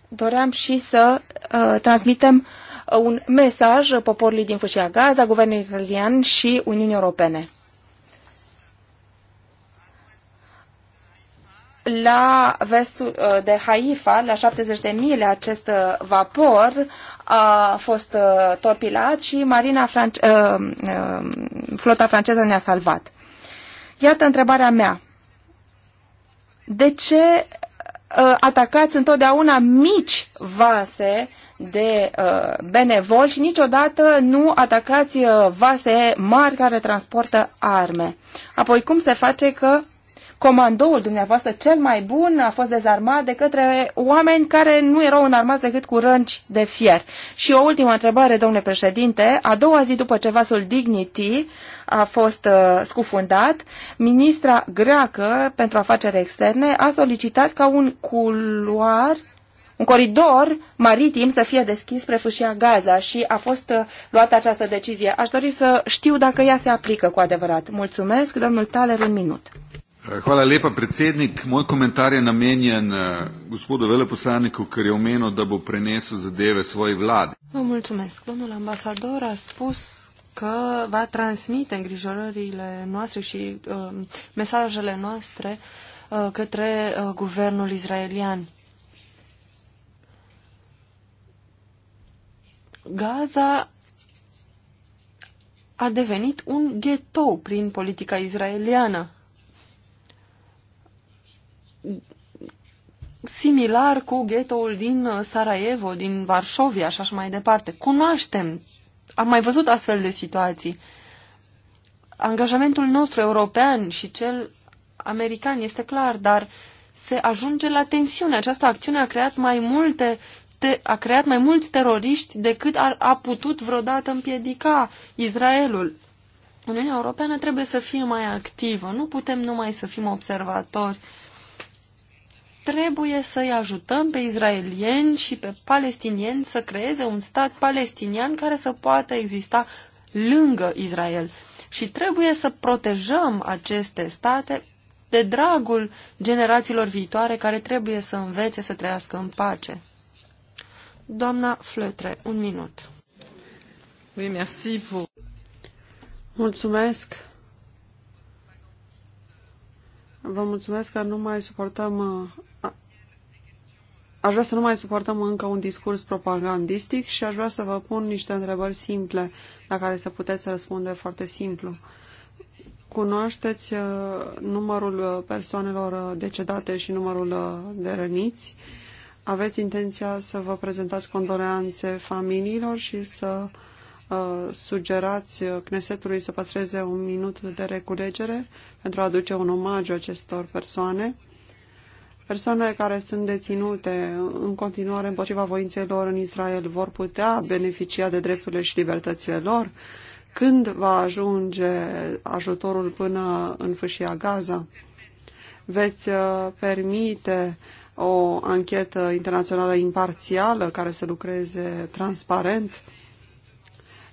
doream și să uh, transmitem uh, un mesaj poporului din Fâșia Gaza, guvernul italian și Uniunii Europene. la vestul uh, de Haifa, la 70 de mile, acest uh, vapor a fost uh, torpilat și marina france uh, uh, flota franceză ne-a salvat. Iată întrebarea mea. De ce atacați întotdeauna mici vase de benevoli și niciodată nu atacați vase mari care transportă arme? Apoi cum se face că comandoul dumneavoastră cel mai bun a fost dezarmat de către oameni care nu erau înarmați decât cu rânci de fier. Și o ultimă întrebare, domnule președinte. A doua zi după ce vasul Dignity a fost uh, scufundat, ministra greacă pentru afaceri externe a solicitat ca un culoar un coridor maritim să fie deschis spre fâșia Gaza și a fost uh, luată această decizie. Aș dori să știu dacă ea se aplică cu adevărat. Mulțumesc, domnul Taler, un minut. Hvala lepa, predsednik. Moj komentar je namenjen eh, gospodu veleposlaniku, ker je omenil, da bo prenesel zadeve svoji vladi. Vă mulțumesc. Domnul ambasador a spus că va transmite îngrijorările noastre și uh, mesajele noastre uh, către uh, guvernul israelian. Gaza a devenit un ghetou prin politica israeliană similar cu ghetoul din uh, Sarajevo, din Varșovia și așa mai departe. Cunoaștem, am mai văzut astfel de situații. Angajamentul nostru european și cel american este clar, dar se ajunge la tensiune. Această acțiune a creat mai multe te- a creat mai mulți teroriști decât ar, a putut vreodată împiedica Israelul. Uniunea Europeană trebuie să fie mai activă, nu putem numai să fim observatori. Uh, Trebuie să-i ajutăm pe izraelieni și pe palestinieni să creeze un stat palestinian care să poată exista lângă Israel. Și trebuie să protejăm aceste state de dragul generațiilor viitoare care trebuie să învețe să trăiască în pace. Doamna Flătre, un minut. Mulțumesc Vă mulțumesc că nu mai suportăm... Uh, aș vrea să nu mai suportăm încă un discurs propagandistic și aș vrea să vă pun niște întrebări simple la care să puteți răspunde foarte simplu. Cunoașteți uh, numărul uh, persoanelor decedate și numărul de răniți? Aveți intenția să vă prezentați condoleanțe familiilor și să Uh, sugerați uh, Knesetului să păstreze un minut de reculegere pentru a aduce un omagiu acestor persoane. Persoanele care sunt deținute în continuare împotriva voinței lor în Israel vor putea beneficia de drepturile și libertățile lor când va ajunge ajutorul până în fâșia Gaza? Veți uh, permite o anchetă internațională imparțială care să lucreze transparent?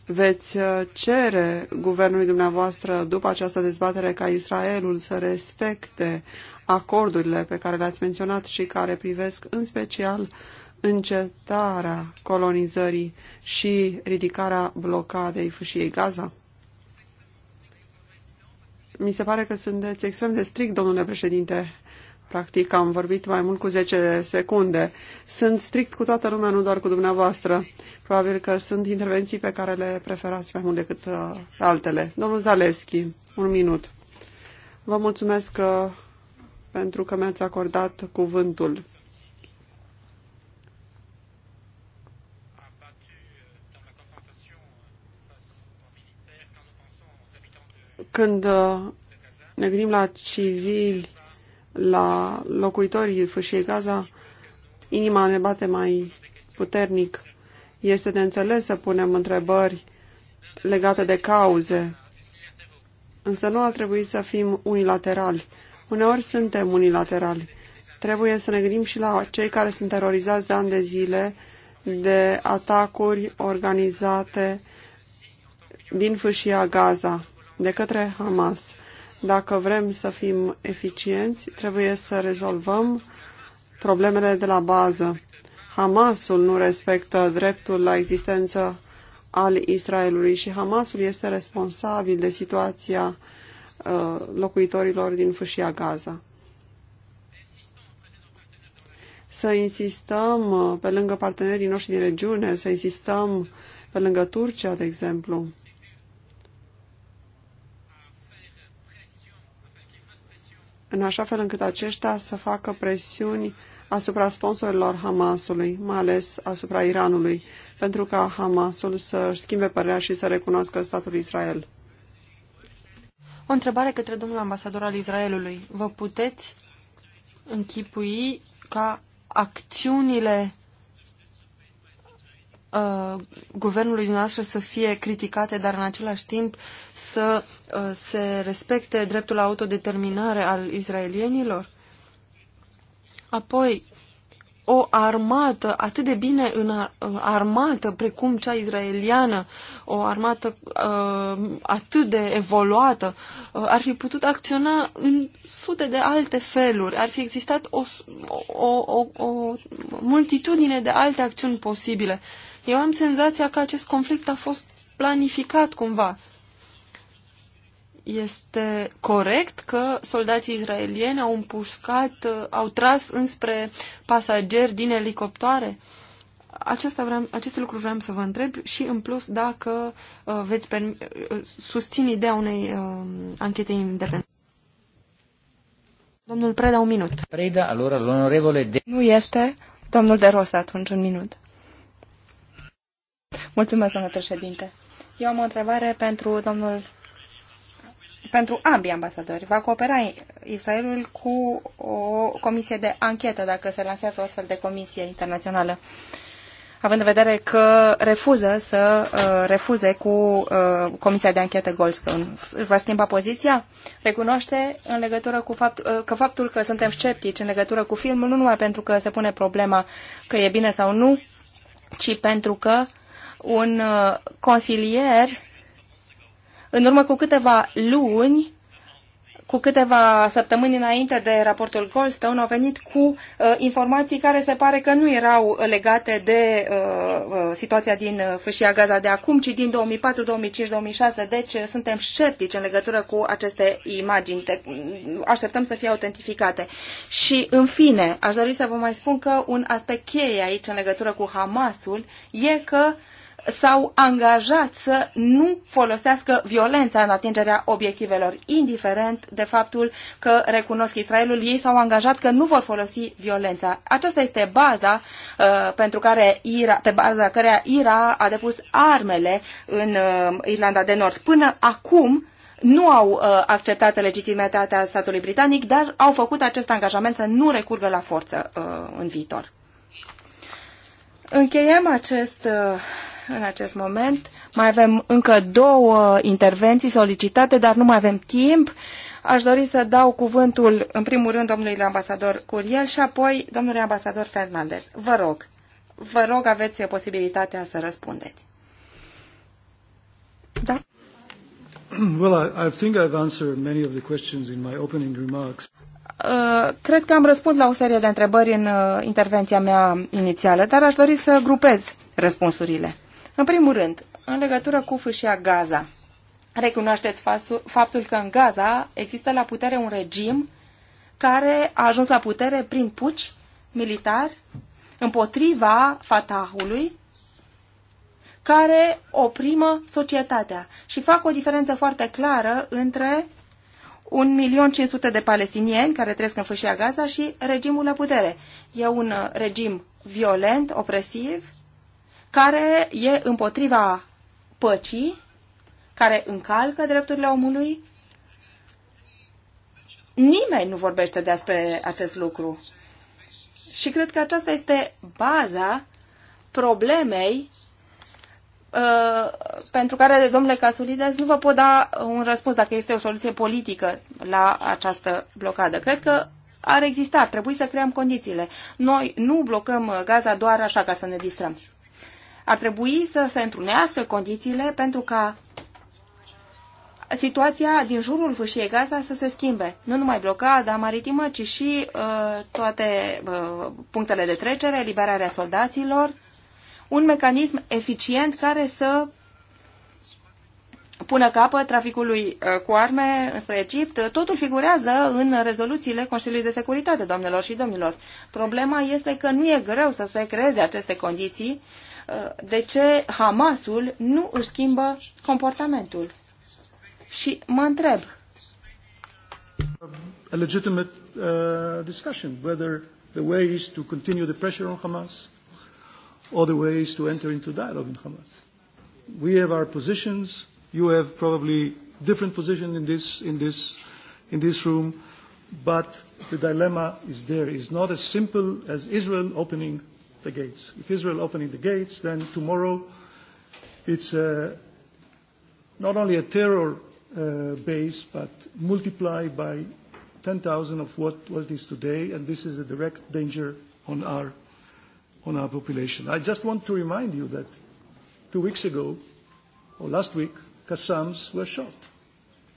veți uh, cere guvernului dumneavoastră după această dezbatere ca Israelul să respecte acordurile pe care le-ați menționat și care privesc în special încetarea colonizării și ridicarea blocadei fâșiei Gaza? Mi se pare că sunteți extrem de strict, domnule președinte. Practic am vorbit mai mult cu 10 secunde. Sunt strict cu toată lumea, nu doar cu dumneavoastră. Probabil că sunt intervenții pe care le preferați mai mult decât uh, altele. Domnul Zaleschi, un minut. Vă mulțumesc că, uh, pentru că mi-ați acordat cuvântul. Când uh, ne gândim la civili la locuitorii fâșiei Gaza, inima ne bate mai puternic. Este de înțeles să punem întrebări legate de cauze, însă nu ar trebui să fim unilaterali. Uneori suntem unilaterali. Trebuie să ne gândim și la cei care sunt terorizați de ani de zile de atacuri organizate din fâșia Gaza de către Hamas. Dacă vrem să fim eficienți, trebuie să rezolvăm problemele de la bază. Hamasul nu respectă dreptul la existență al Israelului și Hamasul este responsabil de situația uh, locuitorilor din fâșia Gaza. Să insistăm uh, pe lângă partenerii noștri din regiune, să insistăm pe lângă Turcia, de exemplu, în așa fel încât aceștia să facă presiuni asupra sponsorilor Hamasului, mai ales asupra Iranului, pentru ca Hamasul să schimbe părerea și să recunoască statul Israel. O întrebare către domnul ambasador al Israelului. Vă puteți închipui ca acțiunile Uh, guvernului noastră să fie criticate, dar în același timp să uh, se respecte dreptul la autodeterminare al izraelienilor? Apoi, o armată atât de bine în uh, armată precum cea izraeliană, o armată uh, atât de evoluată, uh, ar fi putut acționa în sute de alte feluri. Ar fi existat o, o, o, o multitudine de alte acțiuni posibile. Uh, eu am senzația că acest conflict a fost planificat cumva. Este corect că soldații israelieni au împușcat, uh, au tras înspre pasageri din elicoptoare? Acesta vreau, aceste lucruri vreau să vă întreb și în plus dacă uh, veți permi- uh, susține ideea unei uh, anchete independente. Domnul Preda, un minut. Preda, alora, de... Nu este. Domnul de Rosa, atunci, un minut. Mulțumesc, domnule președinte. Eu am o întrebare pentru domnul pentru ambii ambasadori. Va coopera Israelul cu o comisie de anchetă dacă se lansează o astfel de comisie internațională? având în vedere că refuză să uh, refuze cu uh, Comisia de Anchetă Goldstone. Își va schimba poziția? Recunoaște în legătură cu fapt, uh, că faptul că suntem sceptici în legătură cu filmul, nu numai pentru că se pune problema că e bine sau nu, ci pentru că un uh, consilier în urmă cu câteva luni cu câteva săptămâni înainte de raportul Goldstone, au venit cu uh, informații care se pare că nu erau legate de uh, uh situația din uh, fâșia Gaza de acum, ci din 2004, 2005, 2006. Deci suntem sceptici în legătură cu aceste imagini. Te mm, așteptăm să fie autentificate. Și, în fine, aș dori să vă mai spun că un aspect cheie aici în legătură cu Hamasul e că uh, s-au angajat să nu folosească violența în atingerea obiectivelor, indiferent de faptul că recunosc Israelul, ei s-au angajat că nu vor folosi violența. Aceasta este baza uh, pentru care Ira, pe baza căreia Ira a depus armele în uh, Irlanda de Nord. Până acum nu au uh, acceptat legitimitatea statului britanic, dar au făcut acest angajament să nu recurgă la forță uh, în viitor. Încheiem acest uh, în acest moment. Mai avem încă două intervenții solicitate, dar nu mai avem timp. Aș dori să dau cuvântul, în primul rând, domnului ambasador Curiel și apoi domnului ambasador Fernandez. Vă rog, vă rog, aveți posibilitatea să răspundeți. Da? Well, I, I think I've answered many of the questions in my opening remarks uh, cred că am răspuns la o serie de întrebări în uh, intervenția mea inițială, dar aș dori să grupez răspunsurile. În primul rând, în legătură cu fâșia Gaza. Recunoașteți faptul că în Gaza există la putere un regim care a ajuns la putere prin puci militari împotriva Fatahului, care oprimă societatea și fac o diferență foarte clară între 1.500.000 de palestinieni care trăiesc în fâșia Gaza și regimul la putere. E un regim violent, opresiv, care e împotriva păcii, care încalcă drepturile omului. Nimeni nu vorbește despre acest lucru. Și cred că aceasta este baza problemei uh, pentru care, domnule Casulides, nu vă pot da un răspuns dacă este o soluție politică la această blocadă. Cred că ar exista, ar trebui să creăm condițiile. Noi nu blocăm uh, Gaza doar așa ca să ne distrăm. Ar trebui să se întrunească condițiile pentru ca situația din jurul fâșiei Gaza să se schimbe. Nu numai blocada maritimă, ci și uh, toate uh, punctele de trecere, liberarea soldaților, un mecanism eficient care să pună capăt traficului uh, cu arme înspre Egipt. Totul figurează în rezoluțiile Consiliului de Securitate, doamnelor și domnilor. Problema este că nu e greu să se creeze aceste condiții Uh, de ce Hamasul nu își schimbă comportamentul. Și mă întreb. A legitimate uh, discussion whether the way is to continue the pressure on Hamas or the way is to enter into dialogue in Hamas. We have our positions. You have probably different position in this in this in this room, but the dilemma is there. It's not as simple as Israel opening the gates. If Israel opening the gates, then tomorrow it's a, uh, not only a terror uh, base, but multiplied by 10,000 of what, what it is today, and this is a direct danger on our, on our population. I just want to remind you that two weeks ago, or last week, Qassams were shot.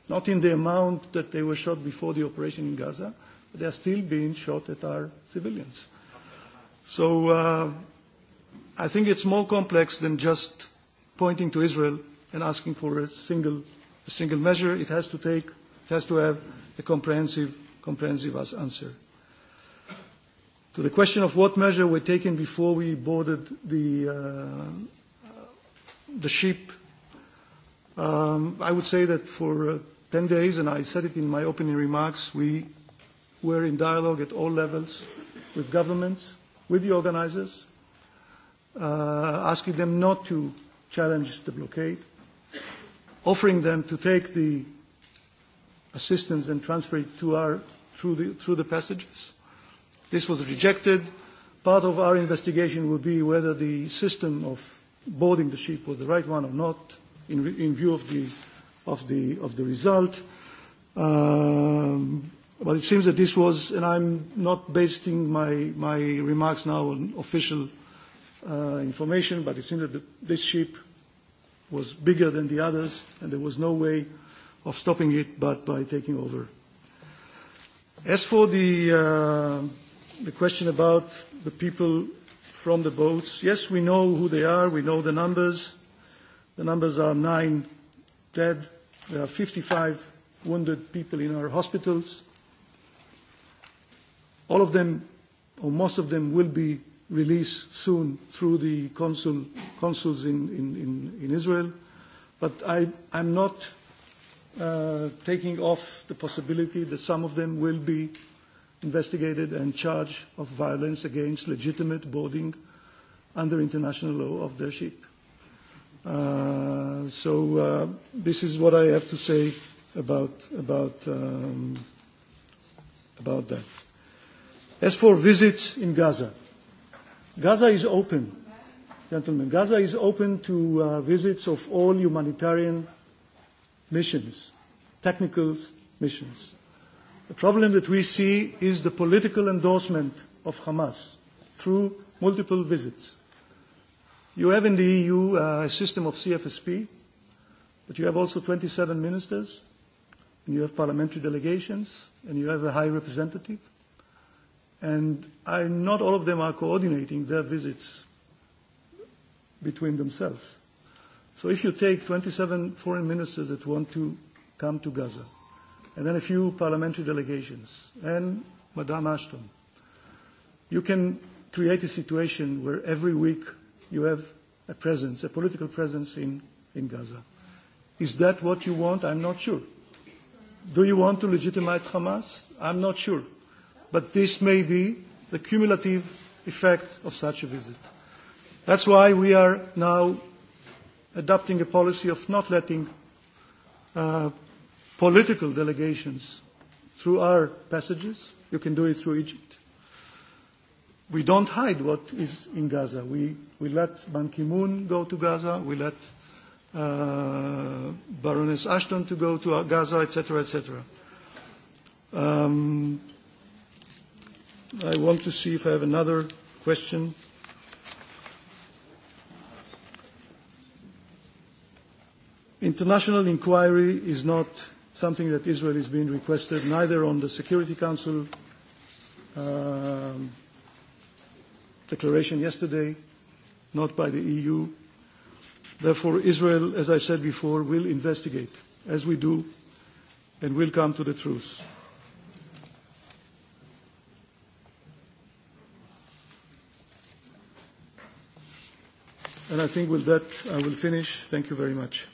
Not in the amount that they were shot before the operation in Gaza, but they are still being shot at our civilians. So uh, I think it's more complex than just pointing to Israel and asking for a single, a single measure. It has to take, it has to have a comprehensive, comprehensive answer. To the question of what measure were taken before we boarded the, uh, the ship, um, I would say that for uh, 10 days, and I said it in my opening remarks, we were in dialogue at all levels with governments, with the organizers, uh, asking them not to challenge the blockade, offering them to take the assistance and transfer it to our, through, the, through the passages. This was rejected. Part of our investigation will be whether the system of boarding the ship was the right one or not in, in view of the, of the, of the result. Um, But it seems that this was, and I'm not basing my, my remarks now on official uh, information, but it seems that the, this ship was bigger than the others, and there was no way of stopping it but by taking over. As for the, uh, the question about the people from the boats, yes, we know who they are, we know the numbers. The numbers are nine dead, there are 55 wounded people in our hospitals. All of them, or most of them, will be released soon through the consul, consuls in, in, in, Israel. But I, I'm not uh, taking off the possibility that some of them will be investigated and charged of violence against legitimate boarding under international law of their ship. Uh, so uh, this is what I have to say about, about, um, about that. As for visits in Gaza, Gaza is open, gentlemen. Gaza is open to uh, visits of all humanitarian missions, technical missions. The problem that we see is the political endorsement of Hamas through multiple visits. You have in the EU uh, a system of CFSP, but you have also 27 ministers, and you have parliamentary delegations, and you have a high representative and I, not all of them are coordinating their visits between themselves. So if you take 27 foreign ministers that want to come to Gaza, and then a few parliamentary delegations, and Madame Ashton, you can create a situation where every week you have a presence, a political presence in, in Gaza. Is that what you want? I'm not sure. Do you want to legitimize Hamas? I'm not sure but this may be the cumulative effect of such a visit. That's why we are now adopting a policy of not letting uh, political delegations through our passages. You can do it through Egypt. We don't hide what is in Gaza. We, we let Ban Ki-moon go to Gaza. We let uh, Baroness Ashton to go to Gaza, etc., etc. Um, I want to see if I have another question. International inquiry is not something that Israel is being requested, neither on the Security Council uh, declaration yesterday, not by the EU. Therefore, Israel, as I said before, will investigate, as we do, and will come to the truth. And I think with that, I will finish. Thank you very much.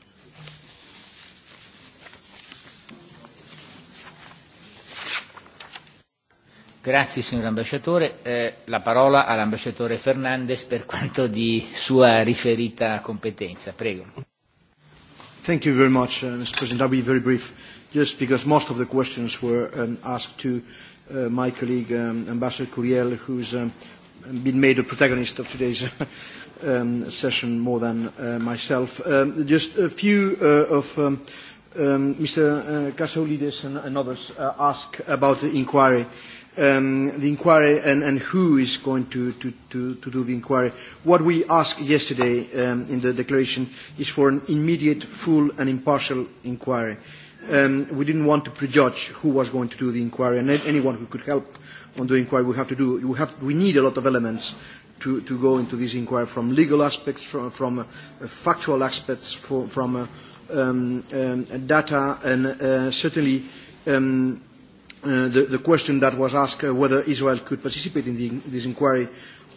Grazie signor ambasciatore. Eh, la parola all'ambasciatore Fernandez per quanto di sua riferita competenza. Prego. Thank you very much, uh, Mr. President. I'll be very brief, just because most of the questions were um, asked to uh, my colleague, um, Ambassador Curiel, who's um, been made a protagonist of today's um, session more than uh, myself. Um, just a few uh, of um, um, Mr. Casolides uh, and, and others uh, ask about the inquiry. Um, the inquiry and, and who is going to, to, to, to do the inquiry. What we asked yesterday um, in the declaration is for an immediate, full and impartial inquiry. Um, we didn't want to prejudge who was going to do the inquiry and anyone who could help on the inquiry we have to do. We, have, we need a lot of elements to, to go into this inquiry from legal aspects, from, from uh, factual aspects, for, from uh, um, um, data, and uh, certainly um, uh, the, the question that was asked uh, whether Israel could participate in the, this inquiry,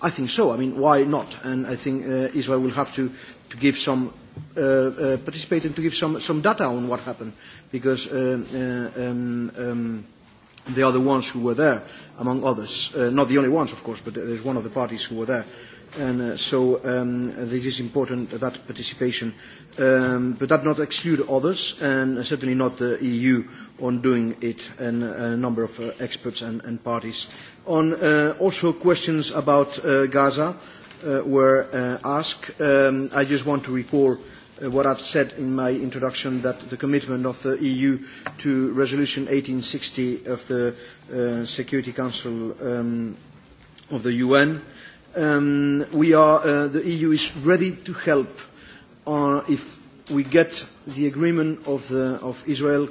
I think so. I mean, why not? And I think uh, Israel will have to, to give some uh, uh, participate and to give some, some data on what happened, because uh, uh, um, um, They are the ones who were there, among others. Uh, not the only ones, of course, but there's one of the parties who were there. And uh, so um, this is important, uh, that participation. Um, but that not exclude others, and certainly not the EU on doing it, and a number of uh, experts and, and parties. On uh, also questions about uh, Gaza uh, were uh, asked. Um, I just want to report Uh, what I've said in my introduction that the commitment of the EU to Resolution 1860 of the uh, Security Council um, of the UN. Um, we are, uh, the EU is ready to help uh, if we get the agreement of, the, of Israel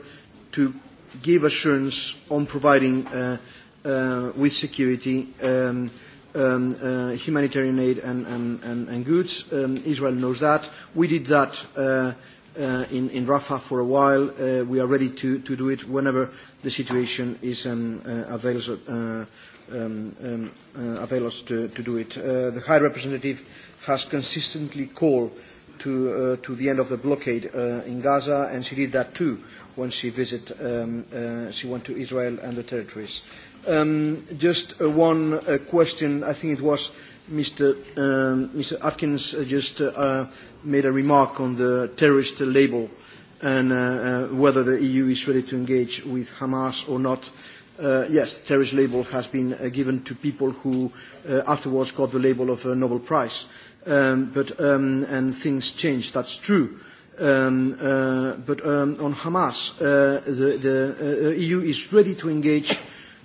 to give assurance on providing uh, uh, with security um, um, uh, humanitarian aid and, and, and, and goods. Um, Israel knows that. We did that uh, uh, in, in Rafah for a while. Uh, we are ready to, to do it whenever the situation is um, uh, avails, uh, um, um, uh, to, to do it. Uh, the High Representative has consistently called to, uh, to the end of the blockade uh, in Gaza, and she did that too when she visited, um, uh, she went to Israel and the territories. Um, just uh, one uh, question. I think it was Mr. Mr. Um, Atkins uh, just made a remark on the terrorist label and whether the EU is ready to engage with Hamas or not. yes, terrorist label has been given to people who afterwards got the label of a Nobel Prize. Um, but, and things change, that's true. but on Hamas, the, EU is ready to engage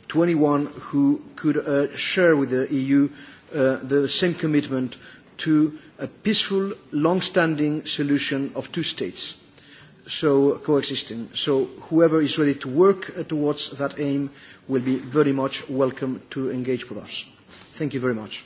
to anyone who could uh, share with the EU uh, the same commitment to a peaceful, long-standing solution of two states, so coexisting. So whoever is ready to work towards that aim will be very much welcome to engage with us. Thank you very much.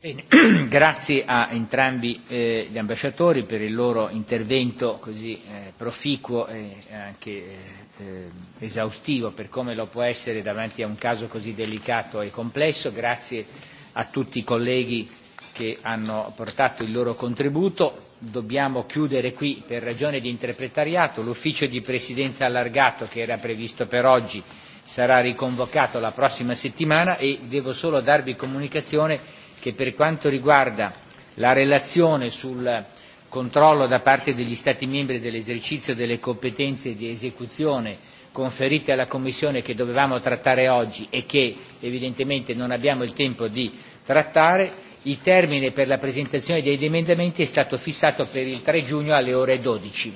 Bene. Grazie a entrambi eh, gli ambasciatori per il loro intervento così eh, proficuo e anche eh, eh, esaustivo per come lo può essere davanti a un caso così delicato e complesso. Grazie a tutti i colleghi che hanno portato il loro contributo. Dobbiamo chiudere qui per ragione di interpretariato. L'ufficio di presidenza allargato che era previsto per oggi sarà riconvocato la prossima settimana e devo solo darvi comunicazione che per quanto riguarda la relazione sul controllo da parte degli Stati membri dell'esercizio delle competenze di esecuzione conferite alla Commissione che dovevamo trattare oggi e che evidentemente non abbiamo il tempo di trattare, il termine per la presentazione degli emendamenti è stato fissato per il 3 giugno alle ore 12.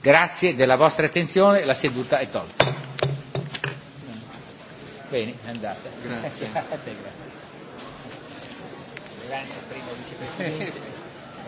Grazie della vostra attenzione, la seduta è tolta. Bene, è andata. Grazie. Grazie, grazie. primo vicepresidente.